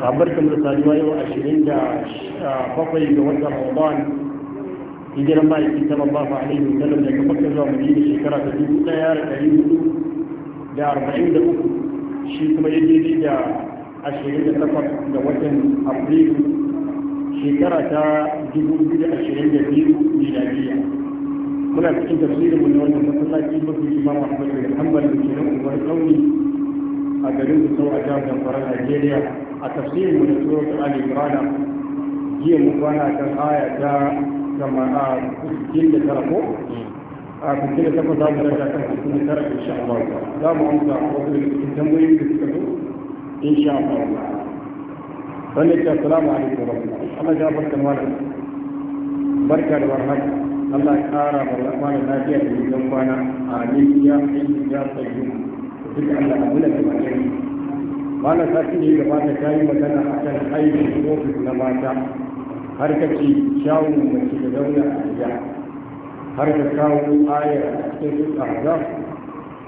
sabar kamar saduwa yau ashirin da bakwai ga watan ramadan hijiran ma'aiki sallallahu alaihi wa sallam daga makka zuwa madina shekara ta dubu daya da dari hudu da arba'in da uku shi kuma ya daidai da ashirin da takwas da watan afrilu shekara ta dubu biyu da ashirin da biyu miladiya muna cikin tafsirin mu na wannan masallaci mafi imam ahmad bin hanbal da ke nan ubar kauni a garin Gusau a jihar Zamfara Najeriya a tafsirin mu da ta Ali Imran jiya mu kwana kan aya ta kama a cikin da tarko a cikin da takwas za mu rasa kan cikin da tara insha Allah za mu amsa wasu da cikin da suka zo insha Allah wannan ce assalamu alaikum wa rahmatullahi Allah ya barka da warhaka Allah ya kara wa lafiya da gidan kwana a ya duk Allah abu da ba kai mana sati ne gaba da kayi magana a kan aikin ofis na mata har ka ce kyawun mace da zauna a gida har ka kawo ayar a cikin su ahzab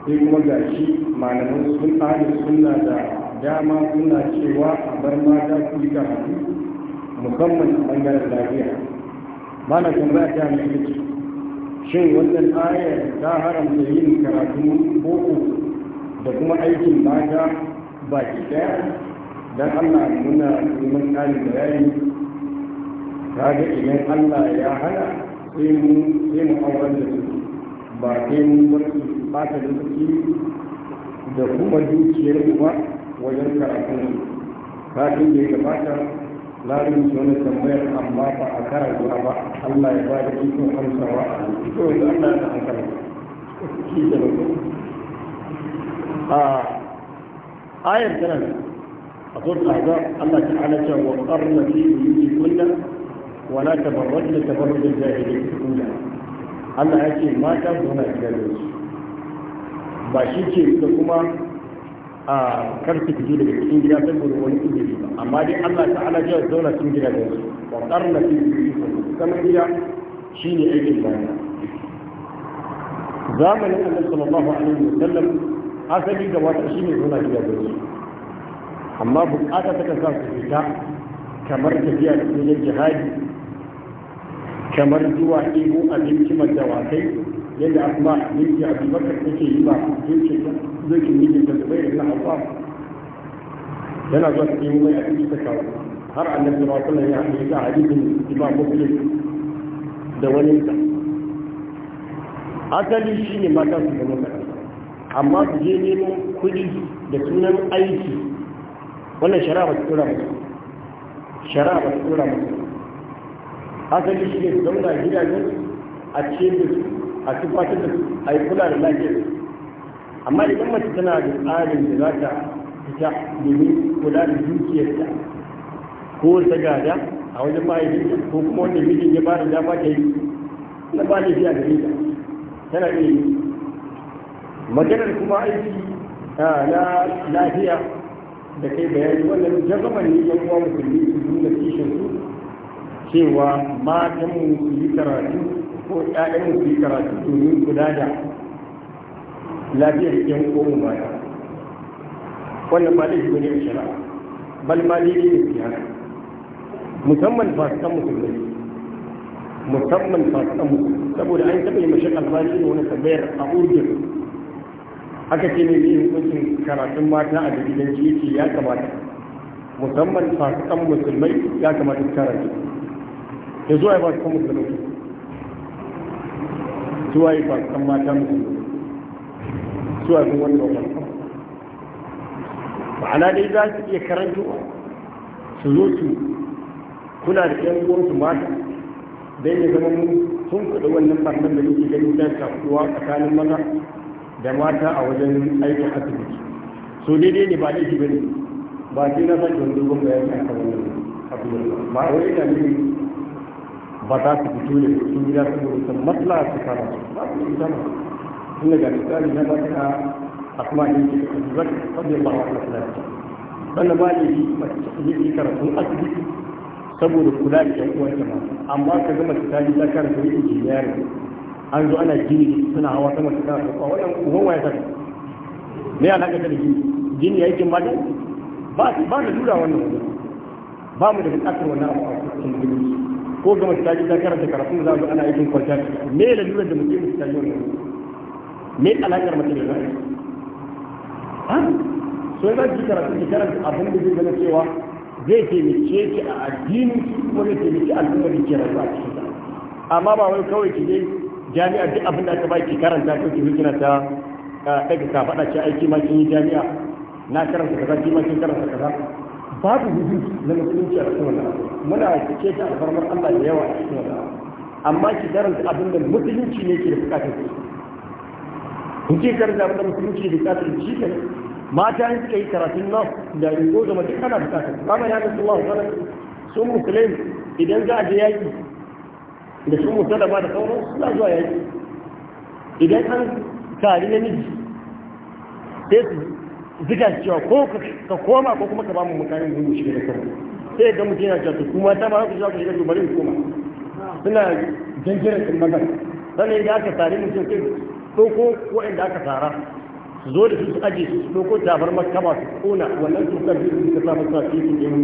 sai kuma ga shi malaman sun ahli suna da dama suna cewa a bar mata su yi karatu musamman a ɓangaren lafiya mana tambaya ta mai shin wannan ayar ta haramta yin karatu uku? da kuma aikin mata baki daya don allah muna neman ƙarin bayani kaga idan allah ya hana sai mu sai mu auren da su ba sai mu bar su da suke da kuma dukiyar uba wajen karatun su kafin da ya gabata larin su wani tambayar amma ba a karanta ba allah ya ba da ikon amsawa a cikin wanda allah ya ta da ayar tana a turka ga Allah ta hana cewa wa qarna fi buyuti kunna wa da tabarrajna tabarruj da jahiliyyah kunna Allah ya ce mata su na gidan su ba shi ce da kuma a karfi fito daga cikin gida saboda wani kudiri ba amma dai Allah ta'ala ya zauna cikin gida da su wa qarna fi buyuti kuma gida shine aikin bayan zamanin Annabi sallallahu alaihi wasallam asali ga wata shi ne suna gida da su amma bukata ta kasa su fita kamar tafiya da wajen jihadi kamar zuwa ɗigo abinci mai dawakai yadda asma abinci a ta take yi ba zuci mijin da zubai da na yana zuwa ta mai a ta kawo har annabi sallallahu alaihi wasallam ya hadisi da hadisin imam muslim da wani ta asali shi ne mata su zama amma su je neman kudi da sunan aiki wannan shara ba su tura musu shara ba su tura musu asali shi ne su zauna gidajen a ce da su a tufatar da su a yi kula da lafiyar amma idan mace tana da tsarin da za ta fita domin kula da dukiyarta ko ta gada a wajen mahaifinta ko kuma wanda mijin ya ba da dama ta yi na ba da a gare ta tana iya yi maganar kuma aiki ah, na lafiya da kai bayani wannan jazama ne ya uwa musulmi su nuna kishin su cewa matan mu su yi karatu ko ƴaƴan mu su yi karatu domin kula da lafiyar yan uwan baya wannan ba laifi bane a shari'a bal ma laifi ne su hana musamman fasikan musulmi musamman fasikan musulmi saboda an taɓa yi mashi albani da wani sabayar a urdun haka ce ne mai hukuncin karatun mata a jirgin jiki ya kamata musamman fasikan musulmai ya kamata su karatu ya zuwa ya fasikan musulmai zuwa ya fasikan mata musulmai zuwa sun wani fasikan ma'ana dai za su iya karantowa su zo su kula da ƴan su mata don ya zama mun sun kuɗi wannan fasikan da muke ganin ta shafuwa tsakanin maza da mata a wajen aikin asibiti so ne ne ba laifi ne ba sai na sake wani dogon bayani a kan wani abu ba a wani nufin ba za su fito ne sun gida saboda san matsala su kama su ba su yi sama suna ga tsari na a kuma ke kasu zaka ba ta sannan ba ne yi mace yi asibiti saboda kula da yan uwanta ma amma ka gama ta ta karanta yin injiniyar an zo ana jini suna hawa sama su kana wajen kuma uban waya saka me ana ka da jini, jini ya yi kin bada ba su ba da dura wannan ba mu da bukatar wannan abu a cikin jini ko gama su ta ji da karanta karatu za su ana aikin kwanta me dura da mutum su yi wannan me alakar mutum da zai ha so ya ji karatu da karanta abin da zai zama cewa zai taimake ki a addinin ko kuma zai taimake al'ummar ki rayuwa a cikin amma ba wai kawai ki ne jami'ar duk abin da aka baki ki karanta ko ki rikina ta daga ka faɗa ce aiki ma kin yi jami'a na karanta kaza ki ma kin karanta kaza babu hudu na musulunci a cikin wannan muna cike ta alfarmar Allah da yawa a cikin wannan amma ki karanta abin da musulunci ne ke da bukatar ki kun ce karanta abin da musulunci da bukatar ki ne mata ne suka yi karatun nan da rigo da mutum kana bukatar ba ma ya nasu Allah sun musulmi idan za a je yaki da su mutu da da sauran suna zuwa yaki idan an kari namiji sai su zika su cewa ko ka koma ko kuma ka ba mu mutanen gudu shi da kawai sai ga mutum yana cewa su kuma ta ba ku shiga ku shiga to bari koma suna janjiran sun magana sannan idan aka tare mutum sai ɗauko waɗanda aka tara su zo da su su aje su su ɗauko tabar makama su kona wannan su tsokar da suka samu sa cikin yin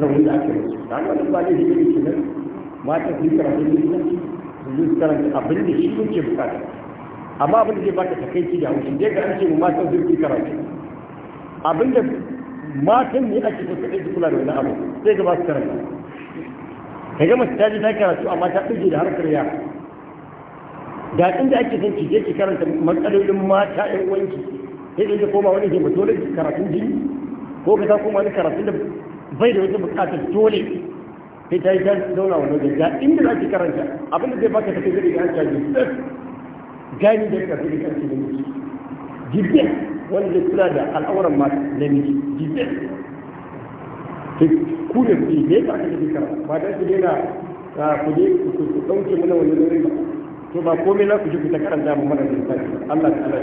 rahun da aka yi su ta hanyar ba ne da yake nan mata su yi karatun likitanci su yi karanta abin da shi kuke bukata amma abin da zai baka takaici da haushi dai ga an ce mu mata su yi karatu abin da matan ne ake so kaɗai su kula da wani abu sai ga ba su karanta ka ga mace ta ta karatu amma ta ɗauke da harkar yara da inda ake son ki je ki karanta matsalolin mata ƴan uwanki sai da koma wani dole karatun jini ko ka ta koma wani karatun da bai da wata bukatar dole sai ta yi ta zauna wani wajen ya inda za ki karanta abinda zai baka ta kai zai an caji gani da ka fi da miji jibbe wanda kula da al'auran na miji jibbe ta ku ku ne ta karanta ba dan ku ku je ku dauke mana wani ba to ba komai na ku ku karanta mu mana da Allah ta Allah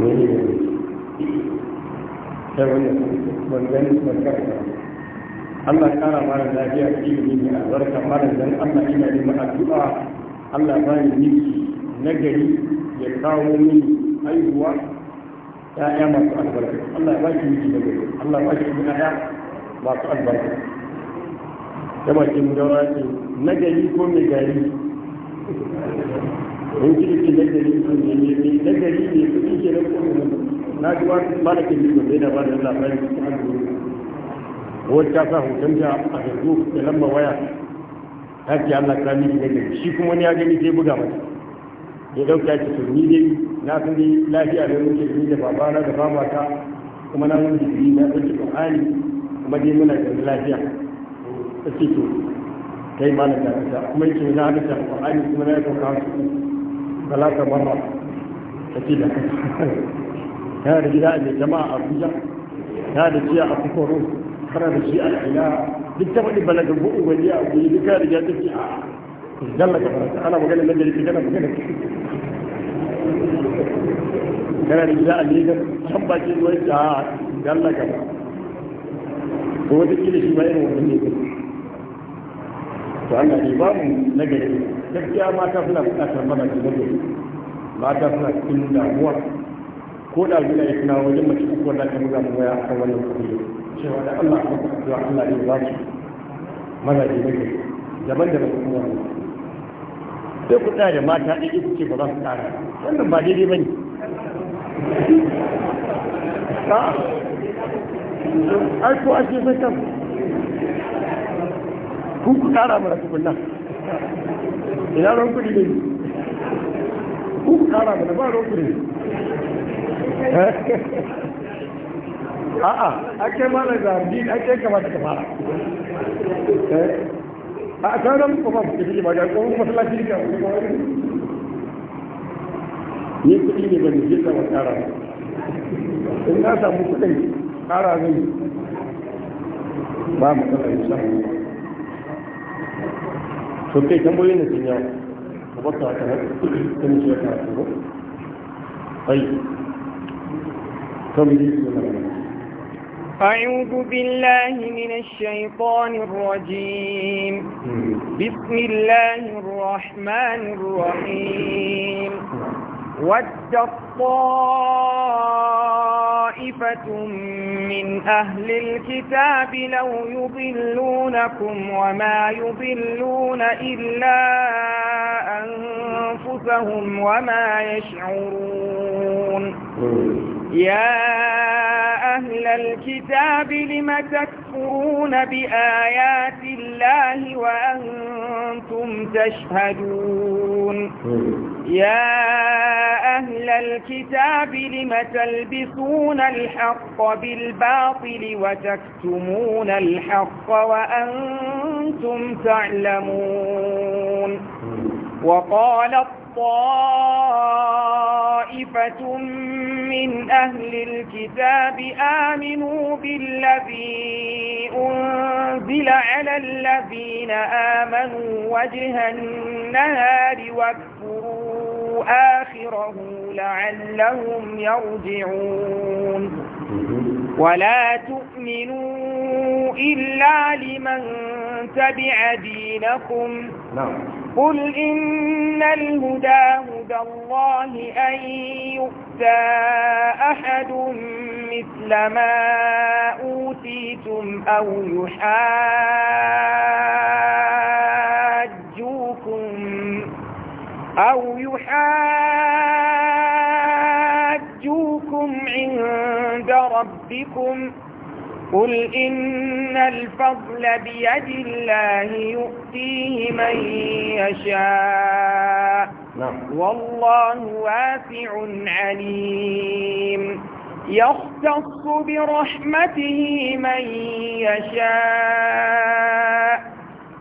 ya ne ne sai wani ban gani ban Allah ya kara mara lafiya ilimi ne albarka mara dan Allah ina yi addu'a Allah ba ni nagari ya kawo albarka Allah ba ki nagari Allah ba ki albarka da bakin nagari ko gari in kiri ki nagari ko nagari ne na ji wani malakin yi mai da bada labarin su an duru wata ta sa ta a yanzu da lamba waya ta ce Allah ta miki da shi kuma wani ya gani sai buga mata ya dauka ki to ni dai na san dai lafiya da muke ni da babana da ta kuma na mun digiri na dauki Qur'ani kuma dai muna da lafiya take to kai malam na ta kuma yake na da Qur'ani kuma na dauka su talata ta take da tana da gida a jama'a a abuja tana da jiya a kukoro tana da shi a ina duk ta faɗi balagar bu'u wani a guri duk duk a jalla ka faranta ana magana nan da yake kana magana kana da gida a legas can baki zuwa a ka ko wata kila shi wannan ne to ba mu gaskiya mata suna mana mata suna cikin damuwa ko da gina ya tuna wajen mace uku wanda ta buga mu waya a kan wannan kuɗi cewa da Allah ko da Allah ne ba su mazaje ne ke daban daban kuma sai ku da mata ɗin ku ce ba za su tsara wannan ba daidai ba ne ai ko ake sai kan ku ku tsara mana tukunna ina ran kudi ne ku ku tsara mana ba ran kudi ne Eh? a'a ake mana zargi ake kamata fara eh? a kan kuma ba ga kuma kuɗi ne kama tsara in na samu kuɗin tsara zai ba mu kasa samu to kai da sun yawa ba wata ta ba أعوذ بالله من الشيطان الرجيم بسم الله الرحمن الرحيم ودت طائفة من أهل الكتاب لو يضلونكم وما يضلون إلا أنفسهم وما يشعرون يا أهل الكتاب لم تكفرون بآيات الله وأنتم تشهدون يا أهل الكتاب لم تلبسون الحق بالباطل وتكتمون الحق وأنتم تعلمون وقال طائفة من أهل الكتاب آمنوا بالذي أنزل على الذين آمنوا وجه النهار واكفروا آخره لعلهم يرجعون ولا تؤمنون إلا لمن تبع دينكم نعم قل إن الهدى هدى الله أن يؤتى أحد مثل ما أوتيتم أو يحاجوكم أو يحاجوكم عند ربكم قل إن الفضل بيد الله يؤتيه من يشاء نعم. والله واسع عليم يختص برحمته من يشاء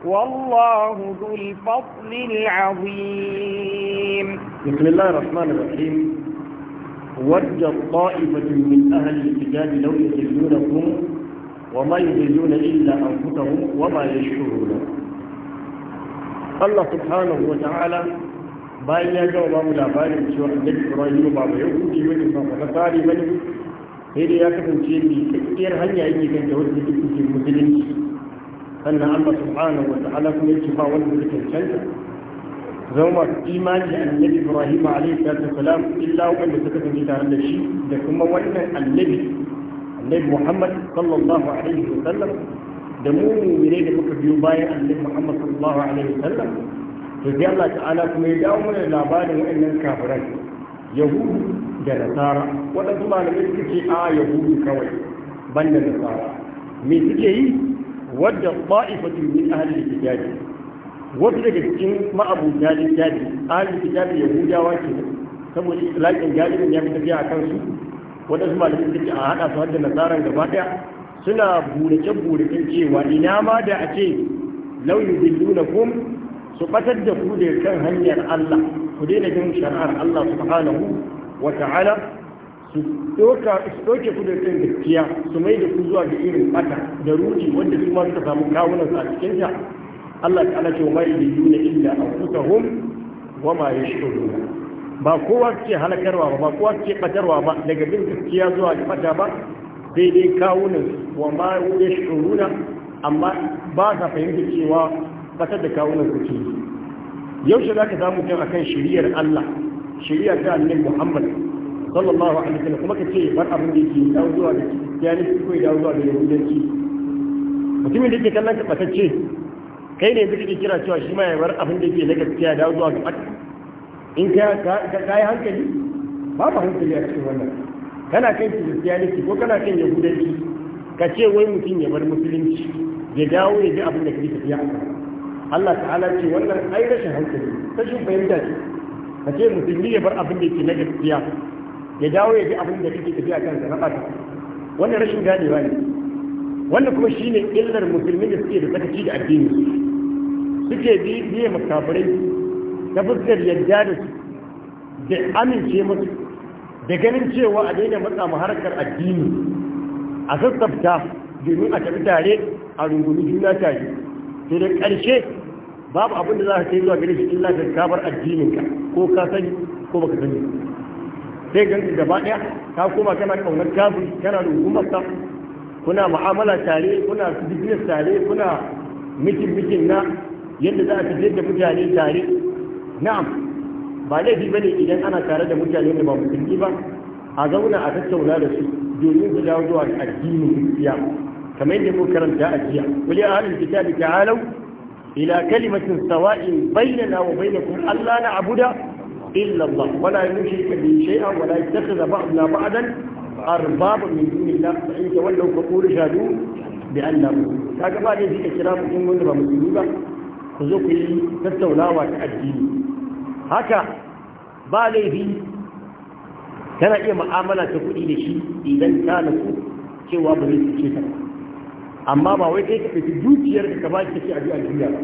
والله ذو الفضل العظيم بسم الله الرحمن الرحيم ود الطائفة من أهل الكتاب لو يجدونكم وما يضلون Wama ya وما يشكرون Allah subhanahu wa ta'ala bayan ya gama bamu labarin cewa annabi Ibrahim ba ba yahudi bane ba ba nasari bane sai dai ya kasance mai kakkiyar hanya yake kan da wanda yake cikin musulunci sannan Allah subhanahu wa ta'ala kuma ce ba wanda yake cancanta zama masu imani da annabi Ibrahim alaihi salatu wasalam illa wanda suka kasance tare da shi da kuma wannan annabi annabi Muhammad sallallahu alaihi wa sallam da mu mu'mine da muka biyo bayan annabi Muhammad sallallahu alaihi wa sallam to sai Allah ta'ala kuma ya dawo mana labarin wa'annan kafiran yahudu da nasara waɗansu malamai suka ce a yahudu kawai ban banda nasara me suke yi wadda ba'ifatun min ahli kitabi wasu daga cikin ma'abuta littafi ahli kitabi yahudawa ke saboda lakin ne ya fi tafiya a kansu waɗansu malamin suke a haɗa su hadda nasarar gaba ɗaya suna burace-burace cewa ina ma da a ce lauyi billuna kum su batar da ku da kan hanyar Allah ku daina bin shari'ar Allah subhanahu wa ta'ala su ɗauke ku da kan gaskiya su mai da ku zuwa ga irin fata da ruci wanda su ma suka samu kawunan su a cikinta Allah ta'ala ce wa mai yi billuna illa anfusahum wa ma yashkuruna ba kowa ke halakarwa ba kowa ke batarwa ba daga bin gaskiya zuwa fata ba daidai kawunan wa ma ya shuruna amma ba sa fahimta cewa fatar da kawunan ku ke yaushe za ka samu kan akan shiriyar Allah shari'ar ta annabi Muhammad sallallahu alaihi wasallam kuma ka ce bar abin da yake dawo zuwa da kiyani ko dawo zuwa da yahudanci mutumin da yake kallon ka ce, kai ne zai kira cewa shi ma ya bar abin da yake na gaskiya dawo zuwa ga in ka yi hankali babu hankali a cikin wannan kana kan kiristiyaniki ko kana kan yahudanci ka ce wai mutum ya bar musulunci ya dawo ya ji abin da kai tafiya a Allah ta'ala ce wannan ai rashin hankali rashin fahimta ce ka ce musulmi ya bar abin da yake na gaskiya ya dawo ya ji abin da kake tafiya kan sa na wannan rashin ganewa ne wannan kuma shine illar musulmi da suke da tsakaci da addini suke biye makafirai ta fuskar yadda da su da amince musu da ganin cewa a daina matsa mu harkar addini a sassafta domin a tafi tare a rungumi juna tare to da ƙarshe babu abin da za ka kai zuwa gare shi illa ka kabar addininka ko ka sani ko baka sani sai ganka gaba ɗaya ka koma kana kaunar kafin kana rungumar sa kuna mu'amala tare kuna business tare kuna mikin mikin na yadda za a fi da mutane tare na'am ba laifi bane idan ana tare da mutane da ba musulmi ba a zauna a tattauna da su domin su dawo zuwa addinin gaskiya kamar yadda muka karanta a jiya wali ahlul kitabi ta'alu ila kalimatin sawa'in bainana wa bainakum alla na'budu illa Allah wa la bi bihi shay'an wa la yattakhidha ba'duna ba'dan arbaba min dunillah fa in tawallaw faqulu shahadu bi anna kaga ba ne shi kira mutum wanda ba musulmi ba ku zo ku yi tattaunawa ta addini haka ba laifi tana iya ma'amala ta kuɗi da shi idan ta nasu cewa ba zai cuce ta amma ba wai kai ka fi dukiyar ka ba ki ce a ji duniya ba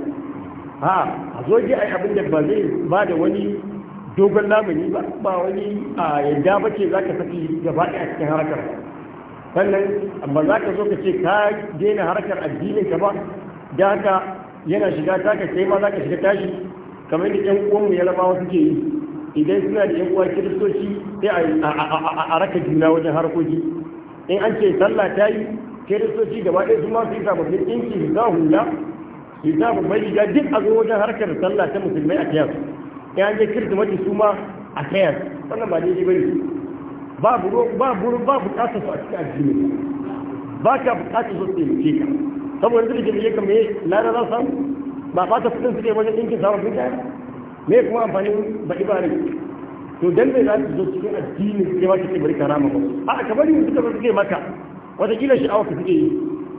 ha a zo ji ai abin da ba zai ba da wani dogon lamuni ba ba wani a yadda ba ce za ka saki gaba ɗaya cikin harkar sannan amma za ka zo ka ce ka daina harkar addinin ka ba da haka yana shiga taka kai ma za ka shiga tashi kamar da yan uwanmu yarabawa suke yi idan suna da yan uwa kiristoci sai a raka juna wajen harkoki in an ce sallah ta yi kiristoci gaba ɗaya su ma su yi sababbin ɗinki su sa hula su sa babban riga duk a zo wajen harkar sallah ta musulmai a kayan in an je kirsimati su ma a kayan wannan ba daidai ba ne babu babu ba bukatar su a cikin addini ba ka bukatar su su taimake ka saboda duk da yake kama lara za samu ba fata kudin suke wajen ɗinkin sabon kaya me kuma amfanin ba ibari to dan bai za su zo cikin addini suke ba suke bari karama ba a ka bari suka ba suke maka wataƙila sha'awa ka suke yi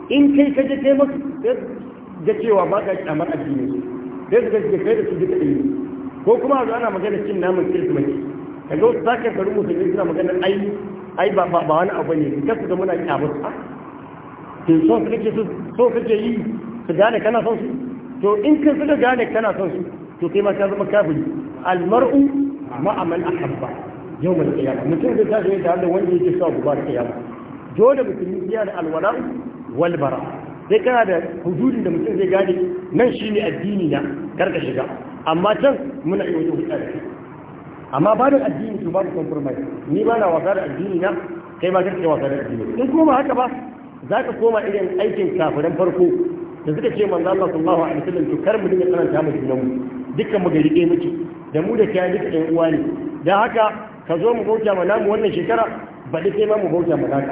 in kai ka je kai masu ga cewa ba ka kyamar addini su sai su gaske kai da su duka ɗaya ko kuma a zo ana magana cin naman kirismas. ka zo za ka karu musu ne suna magana ai ai ba ba wani abu ne ka su da muna kyamar su to so kake so kake yi su gane kana son su to in kai suka gane kana son su to kai ma ka zama kafiri almar'u ma'a man ahabba yawmal qiyamah mutum zai tashi da Allah wanda yake so gobe kiyama dole mutum ya da alwala wal bara sai kana da hududin da mutum zai gane nan shi ne addini na karka shiga amma can muna yi wata hudda amma ba da addini to babu compromise ni ba na wasa da addini na kai ma kai wasa da addini in kuma haka ba za ka koma irin aikin kafiran farko da suka ce manzo Allah sallallahu alaihi wasallam to kar mu dinga tsananta mu junan mu dukkan mu gari ɗaya muke da mu da kai duka ɗan uwa ne dan haka ka zo mu bauta ma namu wannan shekara ba sai ma mu bauta ma ka.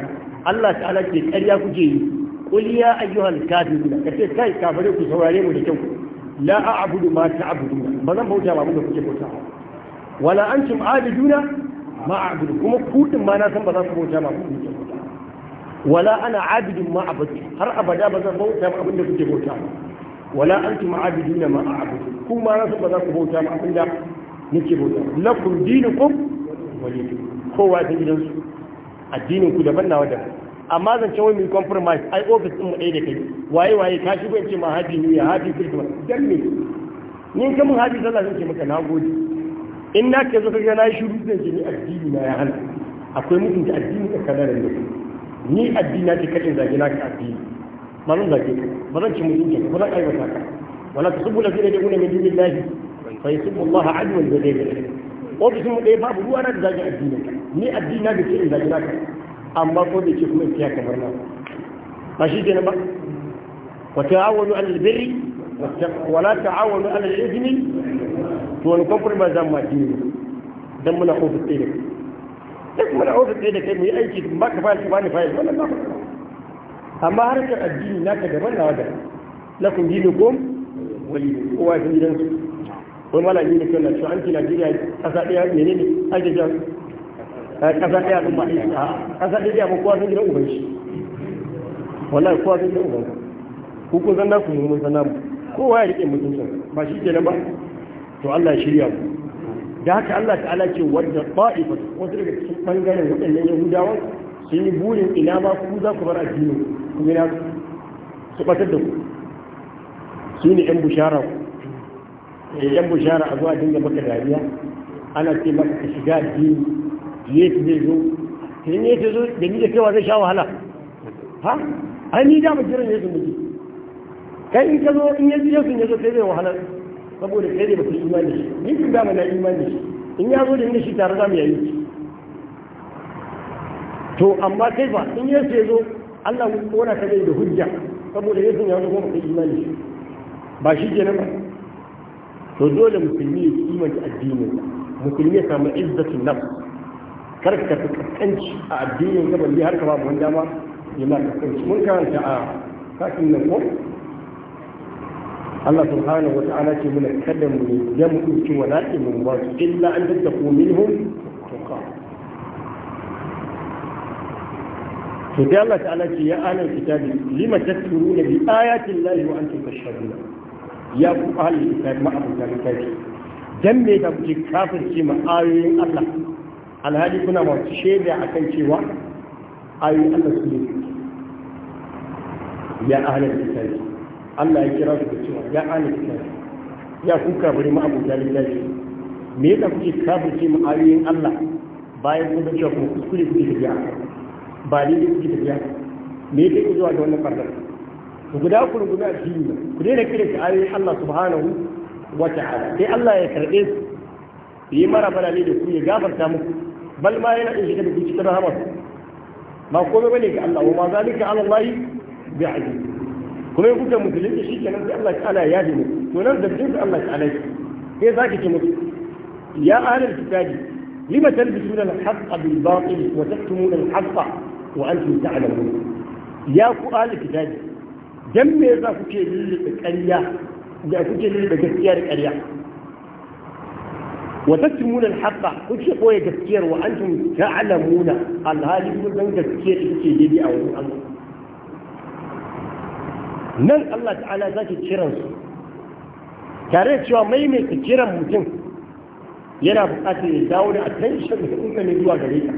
Allah ta'ala ke ƙarya kuke yi qul ya ayyuhal kafirun ka ce kai kafare ku saurare mu da kyau la a'budu ma ta'budun ba zan bauta ma abinda kuke bauta wala antum abiduna ma a'budu kuma ku ma na san ba za ku bauta ma ku wala ana abidin ma abadi har abada ba zan bauta ma abinda kuke bauta ba wala antum abiduna ma a'budu kuma rasu ba za ku bauta ma abinda nake bauta lakum dinukum waliy kowa ta gidansu addinin ku daban nawa daban amma zan ce wai mu compromise ai office din mu ɗaya da kai waye waye ka shigo in ce ma happy ne ya happy christmas dan me ni ka mun happy sallah zan ce maka nagode in na ke zo kaga na yi shiru zan ce ni addini na ya hana akwai mutunta addini tsakanin da ni addina ce kace zage na ka addini ba zan zage ka ba zan ci mutunci ka ba zan aibata ka wala tasubbu allazina yad'una min dunillahi fa yasubbu allaha adwan bi ghayri ilm ofisin mu ɗaya babu ruwa na da zage addinin ni addina da ce in zage na ka amma ko da ce kuma in kiya kamar na ba shi kenan ba wa ta'awanu 'alal birri wala ta'awanu 'alal ithmi to wani kwamfur ba za mu ma dini dan muna ofis ɗaya sai kuma ofis ɗaya da kai aiki ba ka fayil ka bani fayil wannan ba amma harkar addini naka daban na wadda su shi an ci Najeriya Ƙasa ɗaya ne ne ake jan eh, Ƙasa ɗaya ɗin ba a ƙasa ɗaya ba kowa sun gidan uban shi wallahi kowa sun gidan uban ku kun san naku mun san namu kowa ya rike mutuncin ba shi ke ba to Allah ya shirya mu da haka Allah ta'ala ce wadda ta'ifa wasu daga cikin bangaren waɗannan yahudawa sun yi burin ina ma ku za ku bar addini ku yana su batar da ku su ne yan bushara ku eh, yan bushara a zuwa dinga maka dariya ana ce maka ka shiga addini yesu zai zo ne yesu zo da ni da kaiwa zai sha wahala ha ai ni da mu jiran yesu muke kai in ka zo in yesu yesu ne zo sai zai wahala saboda kai ne ba ku yi imani shi ni kun dama na imani shi in ya zo da ni shi tare za mu yayi shi to amma kai fa in yesu ya zo Allah ya kona ka da hujja saboda yesu ya zo kuma kai imani shi ba shi kenan ba to dole musulmi ya kimanta addinin musulmi ya samu izzatu nafs karka fi kaskanci a addinin gaban har ka babu wani dama ya ma kaskanci mun karanta a sakin nan ko Allah subhanahu wa ta'ala ce muna kada mu ya mu ɗauki wa mu ba su illa an tattaku minhum tuqa to dai Allah ta'ala ce ya ahlul kitabi lima tadkuruna bi ayati llahi wa antum tashhaduna ya ku ahlul kitabi ma abu zalika dan me da kuke kafirce ma ayoyin Allah alhali kuna ma shaida akan cewa ayoyin Allah su ne ya ahlul kitabi Allah ya kira su da cewa ya ana kitab ya kuka kafiri ma abu jalil daji me yasa kuke kafirce mu ayoyin Allah bayan kun ga cewa kuma kuskure kuke tafiya ba ne kuke tafiya me yake ku zuwa ga wannan fardar ku guda ku rungumi a cikin ku daina kira ki ayoyin Allah subhanahu wa ta'ala sai Allah ya karbe su yi mara bala ne da ku ya gafarta muku bal ma yana in shiga da kuke cikin rahama ba komai bane ga Allah wa ma zalika ala Allah bi'aziz kuma kuka musulunci shi kenan sai Allah ta'ala ya yaje to nan da cikin Allah ta'ala sai zaki ce musu ya ahlul kitabi lima talbisuna al-haqqa bil batil wa taktumuna al-haqqa wa antum ta'lamun ya ku ahlul kitabi dan me za ku ce lilli ƙarya da kuke lilli gaskiya da ƙarya وتكتمون الحق كل شيء قوي تفكير وانتم تعلمون الهالي كل من تفكير nan Allah ta'ala zaki kiran su tare da cewa maimaita kiran mutum yana buƙatar ya dawo da attention da kuka ne zuwa gare ka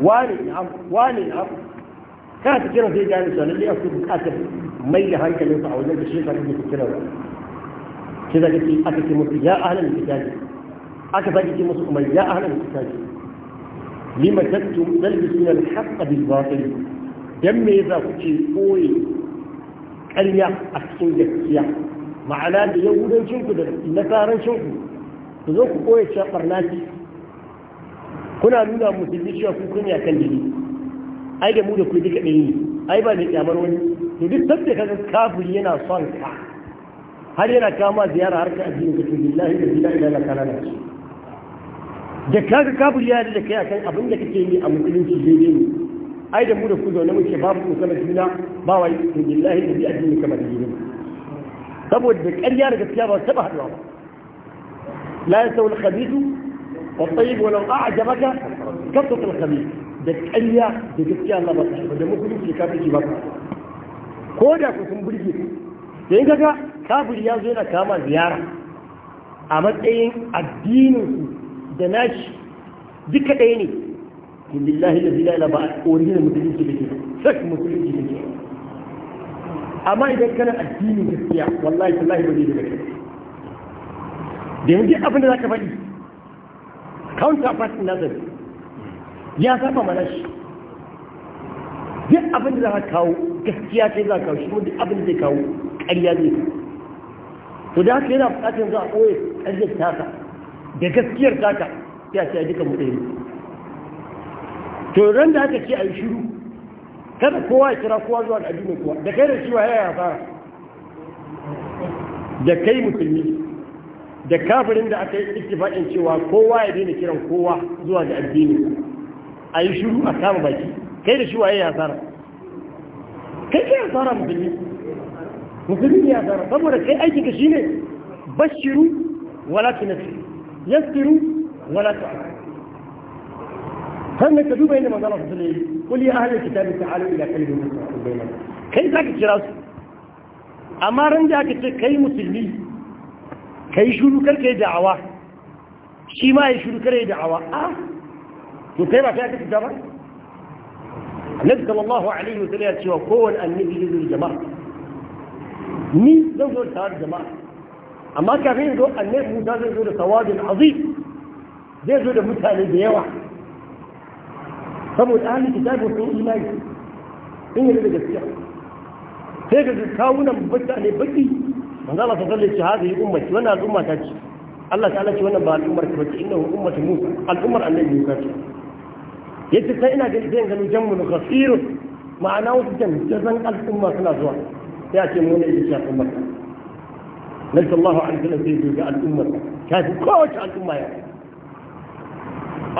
wani na'am wani na'am kana ta kiran sai gane su cewa lalle akwai buƙatar mai da hankalin sa a wajen da shekaru da ta kiran sai zaka ce aka ce musu ya ahlal kitabi aka zaki ce musu kuma ya ahlal kitabi lima tattum dalbisuna al-haqqa bil batil dan me yasa kuke koyi ƙarya a cikin gaskiya ma'ana da yahudancinku da nasarancinku ku zo ku koya cewa ɓarnaki kuna nuna musulmi cewa ku kun ya kan jini ai da mu da ku duka ɗaya ne ai ba da kyamar wani to duk sabda kaga kafiri yana son ka har yana kama ziyara har ka addini ka to billahi da billahi da kana na shi da kaga kafiri ya da kai akan abin da kake yi a musulunci daidai ne ai da mu da ku zaune muke babu ku sanar juna ba wai to billahi da bi addini kamar da jini saboda da ƙarya da gaskiya ba taba haɗuwa ba la yasawu al-khabithu wa tayyib wa law a'jabaka kasat al-khabith da ƙarya da gaskiya Allah ba ta da ka fiki ba ko da ku sun burge ku da in kaga kafiri ya zo yana kama ziyara a matsayin addinin da nashi duka ɗaya ne to billahi da zila ila ba a original musulunci da ke shak musulunci da ke amma idan kana addinin gaskiya wallahi tallahi ba zai da kai da yanzu abin da zaka faɗi counterpart nazari ya saba mana shi duk abin da za ka kawo gaskiya ce za ka kawo shi kuma duk abin da zai kawo ƙarya zai kawo to da haka yana buƙatar za a ɓoye ƙaryar taka da gaskiyar taka ya ce a duka mutane to da aka ce a yi shiru kada kowa ya kira kowa zuwa ga addinin kowa da kai da shi waye ya fara da kai musulmi da kafirin da aka yi ittifaqin cewa kowa ya daina kiran kowa zuwa ga addini a yi shiru a kama baki kai da shi waye ya tsara, kai kai ya tsara musulmi musulmi ya fara saboda kai aiki ka shine bashiru wala tunasi yasiru wala ta'ala sannan ka duba yadda manzo Allah sallallahu alaihi wasallam kul ya ahlul kitabi ta'alu ila kalimatin mustaqim bainakum kai zaka kira su amma ran da aka ce kai musulmi kai shuru kar kai da'awa shi ma ya shuru kar ya da'awa a to kai ba kai aka tsaba annabi sallallahu alaihi wasallam ya ce wa kowanne annabi zai jama'a ni zan zo tare jama'a kafin zo annabi Musa zai zo da tawadin zai zo da mutane da yawa فمو الآن الكتاب الرؤوس ما يجب إني لدي جسيح هيك تتكاونا مبتع لبكي من الله تظلت هذه الأمة وانا الأمة تجي الله تعالى وانا بها الأمة تبكي إنه أمة موسى الأمة أن يجب يكاتي يجب سينا جلدين قالوا جمع غفير معناه جمع جزن الأمة كنا سوا يأتي من إجساء أمة نجد الله عن كل شيء يجب الأمة كاتي كوش الأمة يعني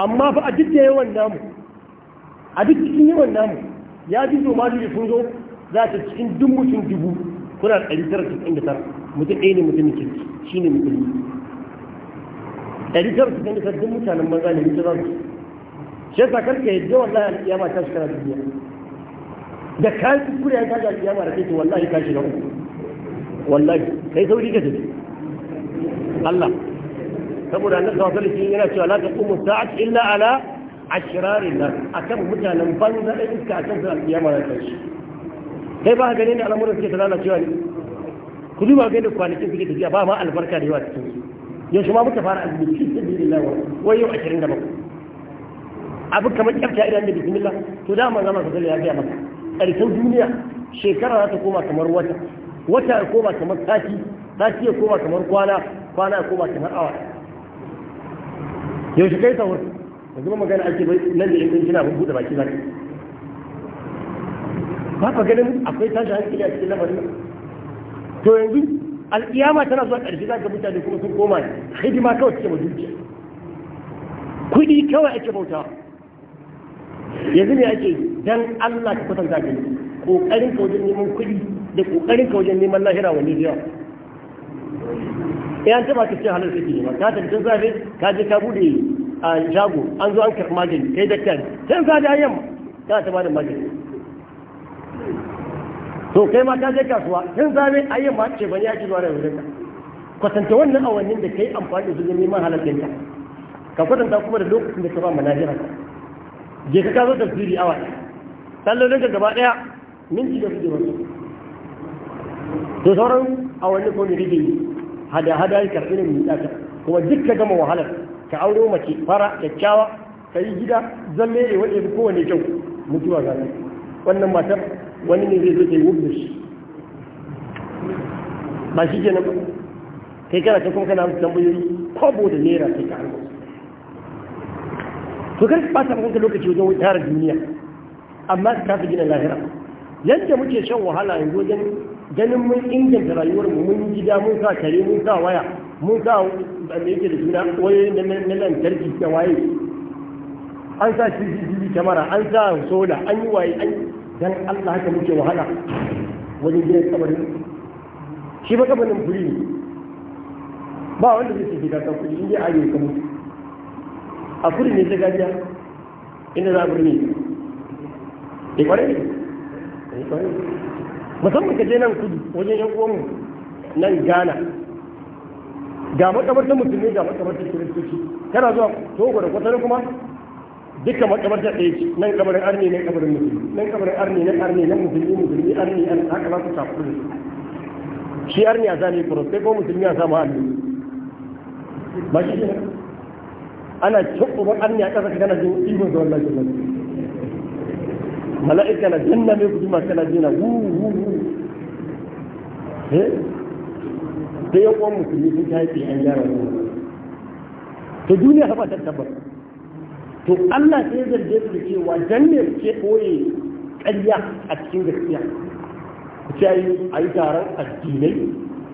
أما فأجد يوان نامه a duk cikin yawan namu ya ji zo ma sun zo za ta cikin duk mutum dubu kuna ɗari tara cikin da tara mutum ɗaya ne mutum kirki shi ne mutum ɗari tara cikin da tara duk mutanen maza ne mutum za su shi yasa karka yadda wallahi alƙiyama ta shekara duniya da kayan kuskure ya tashi alƙiyama da kai to wallahi ka shiga uku wallahi kai sauri ka tafi Allah saboda annabi sallallahu alaihi wasallam yana cewa la taqumu sa'at illa ala ashirarin nan akan mutanen banza da iska akan su alƙiyama na kansu kai ba gani ne al'amuran suke ta lalacewa ne ku duba gani kwanakin suke tafiya ba ma albarka da yawa cikin su yaushe ma muka fara azumi cikin sabilillah wai yau ashirin da 27 abu kamar kyafta idan ne bismillah to da manzo Allah sallallahu ya gaya maka karshen duniya shekara za ta koma kamar wata wata ya koma kamar sati sati ya koma kamar kwana kwana ya koma kamar awa yaushe kai sahur yanzu ba magana ake bai nan da yankin kina mun da baki zaki ba ka ganin akwai tashi hankali a cikin lamarin to yanzu alƙiyama tana zuwa ƙarshe ka mutane kuma sun koma hidima kawai suke ma dukiya kuɗi kawai ake bauta yanzu ne ake dan Allah ka kwatanta ka kokarin ka wajen neman kuɗi da kokarin ka wajen neman lahira wani da ya eh an taba ka ce halal kake ne ka tafi zafi ka je ka bude a shago an zo an karɓi magani kai daktar can sa da yamma ta ta bada magani to kai ma ka je kasuwa can sa a yamma ce bani yaki zuwa da wurinka kwatanta wannan awannin da kai amfani da su zai neman halalinka ka kwatanta kuma da lokacin da ka ba manajira je ka kazo tafsiri awa ne ka gaba daya minti da suke wasu to sauran awannin ko ne kake yi hada hada ka irin mu tsaka kuma duk ka gama wahalar ka auro mace fara kyakkyawa ka yi gida zalle ne wani ko kowane kyau mutuwa ga wannan matar wani ne zai zo ta yi wuɗe shi ba shi ke nan kai kana ta kuma kana musu tambayoyi kwabo da naira sai ka hango to kar ba ta kanka lokaci wajen tara duniya amma ka fi gina lahira yadda muke shan wahala yanzu wajen ganin mun inganta rayuwar mu mun gida mun sa kare mun sa waya mun sa me yake da suna da na lantarki ta waye an sa cctv kyamara an sa soda, an yi waye an dan allah haka muke wahala wajen gina kabarin shi ba kabarin furi ne ba wanda zai tafi kasan kuɗi in dai a yi a furi ne ta gajiya inda za a birni eh, ne eh, kwarai ne musamman ka je nan kudu wajen yan uwanmu nan ghana ga makabartar musulmi ga makabartar kiristoci kana zuwa togo da kwatanin kuma dukkan makabartar ɗaya ce nan kabarin arni nan kabarin musulmi nan kabarin arni nan arni nan musulmi musulmi arni an haka za su tafi da shi arni a zane kuro sai ko musulmi a samu arni ba shi ne ana cikin arni a ƙasa kana jin ihun zuwan lafiya mala'ika na janna mai kuduma kana jina wu wu eh? sai yan uwan musulmi sun tashi an gyara wannan to duniya ta ba ta tabbata to Allah sai ya zarge su da cewa dan ne ke koye ƙarya a cikin gaskiya ku ce a yi taron addinai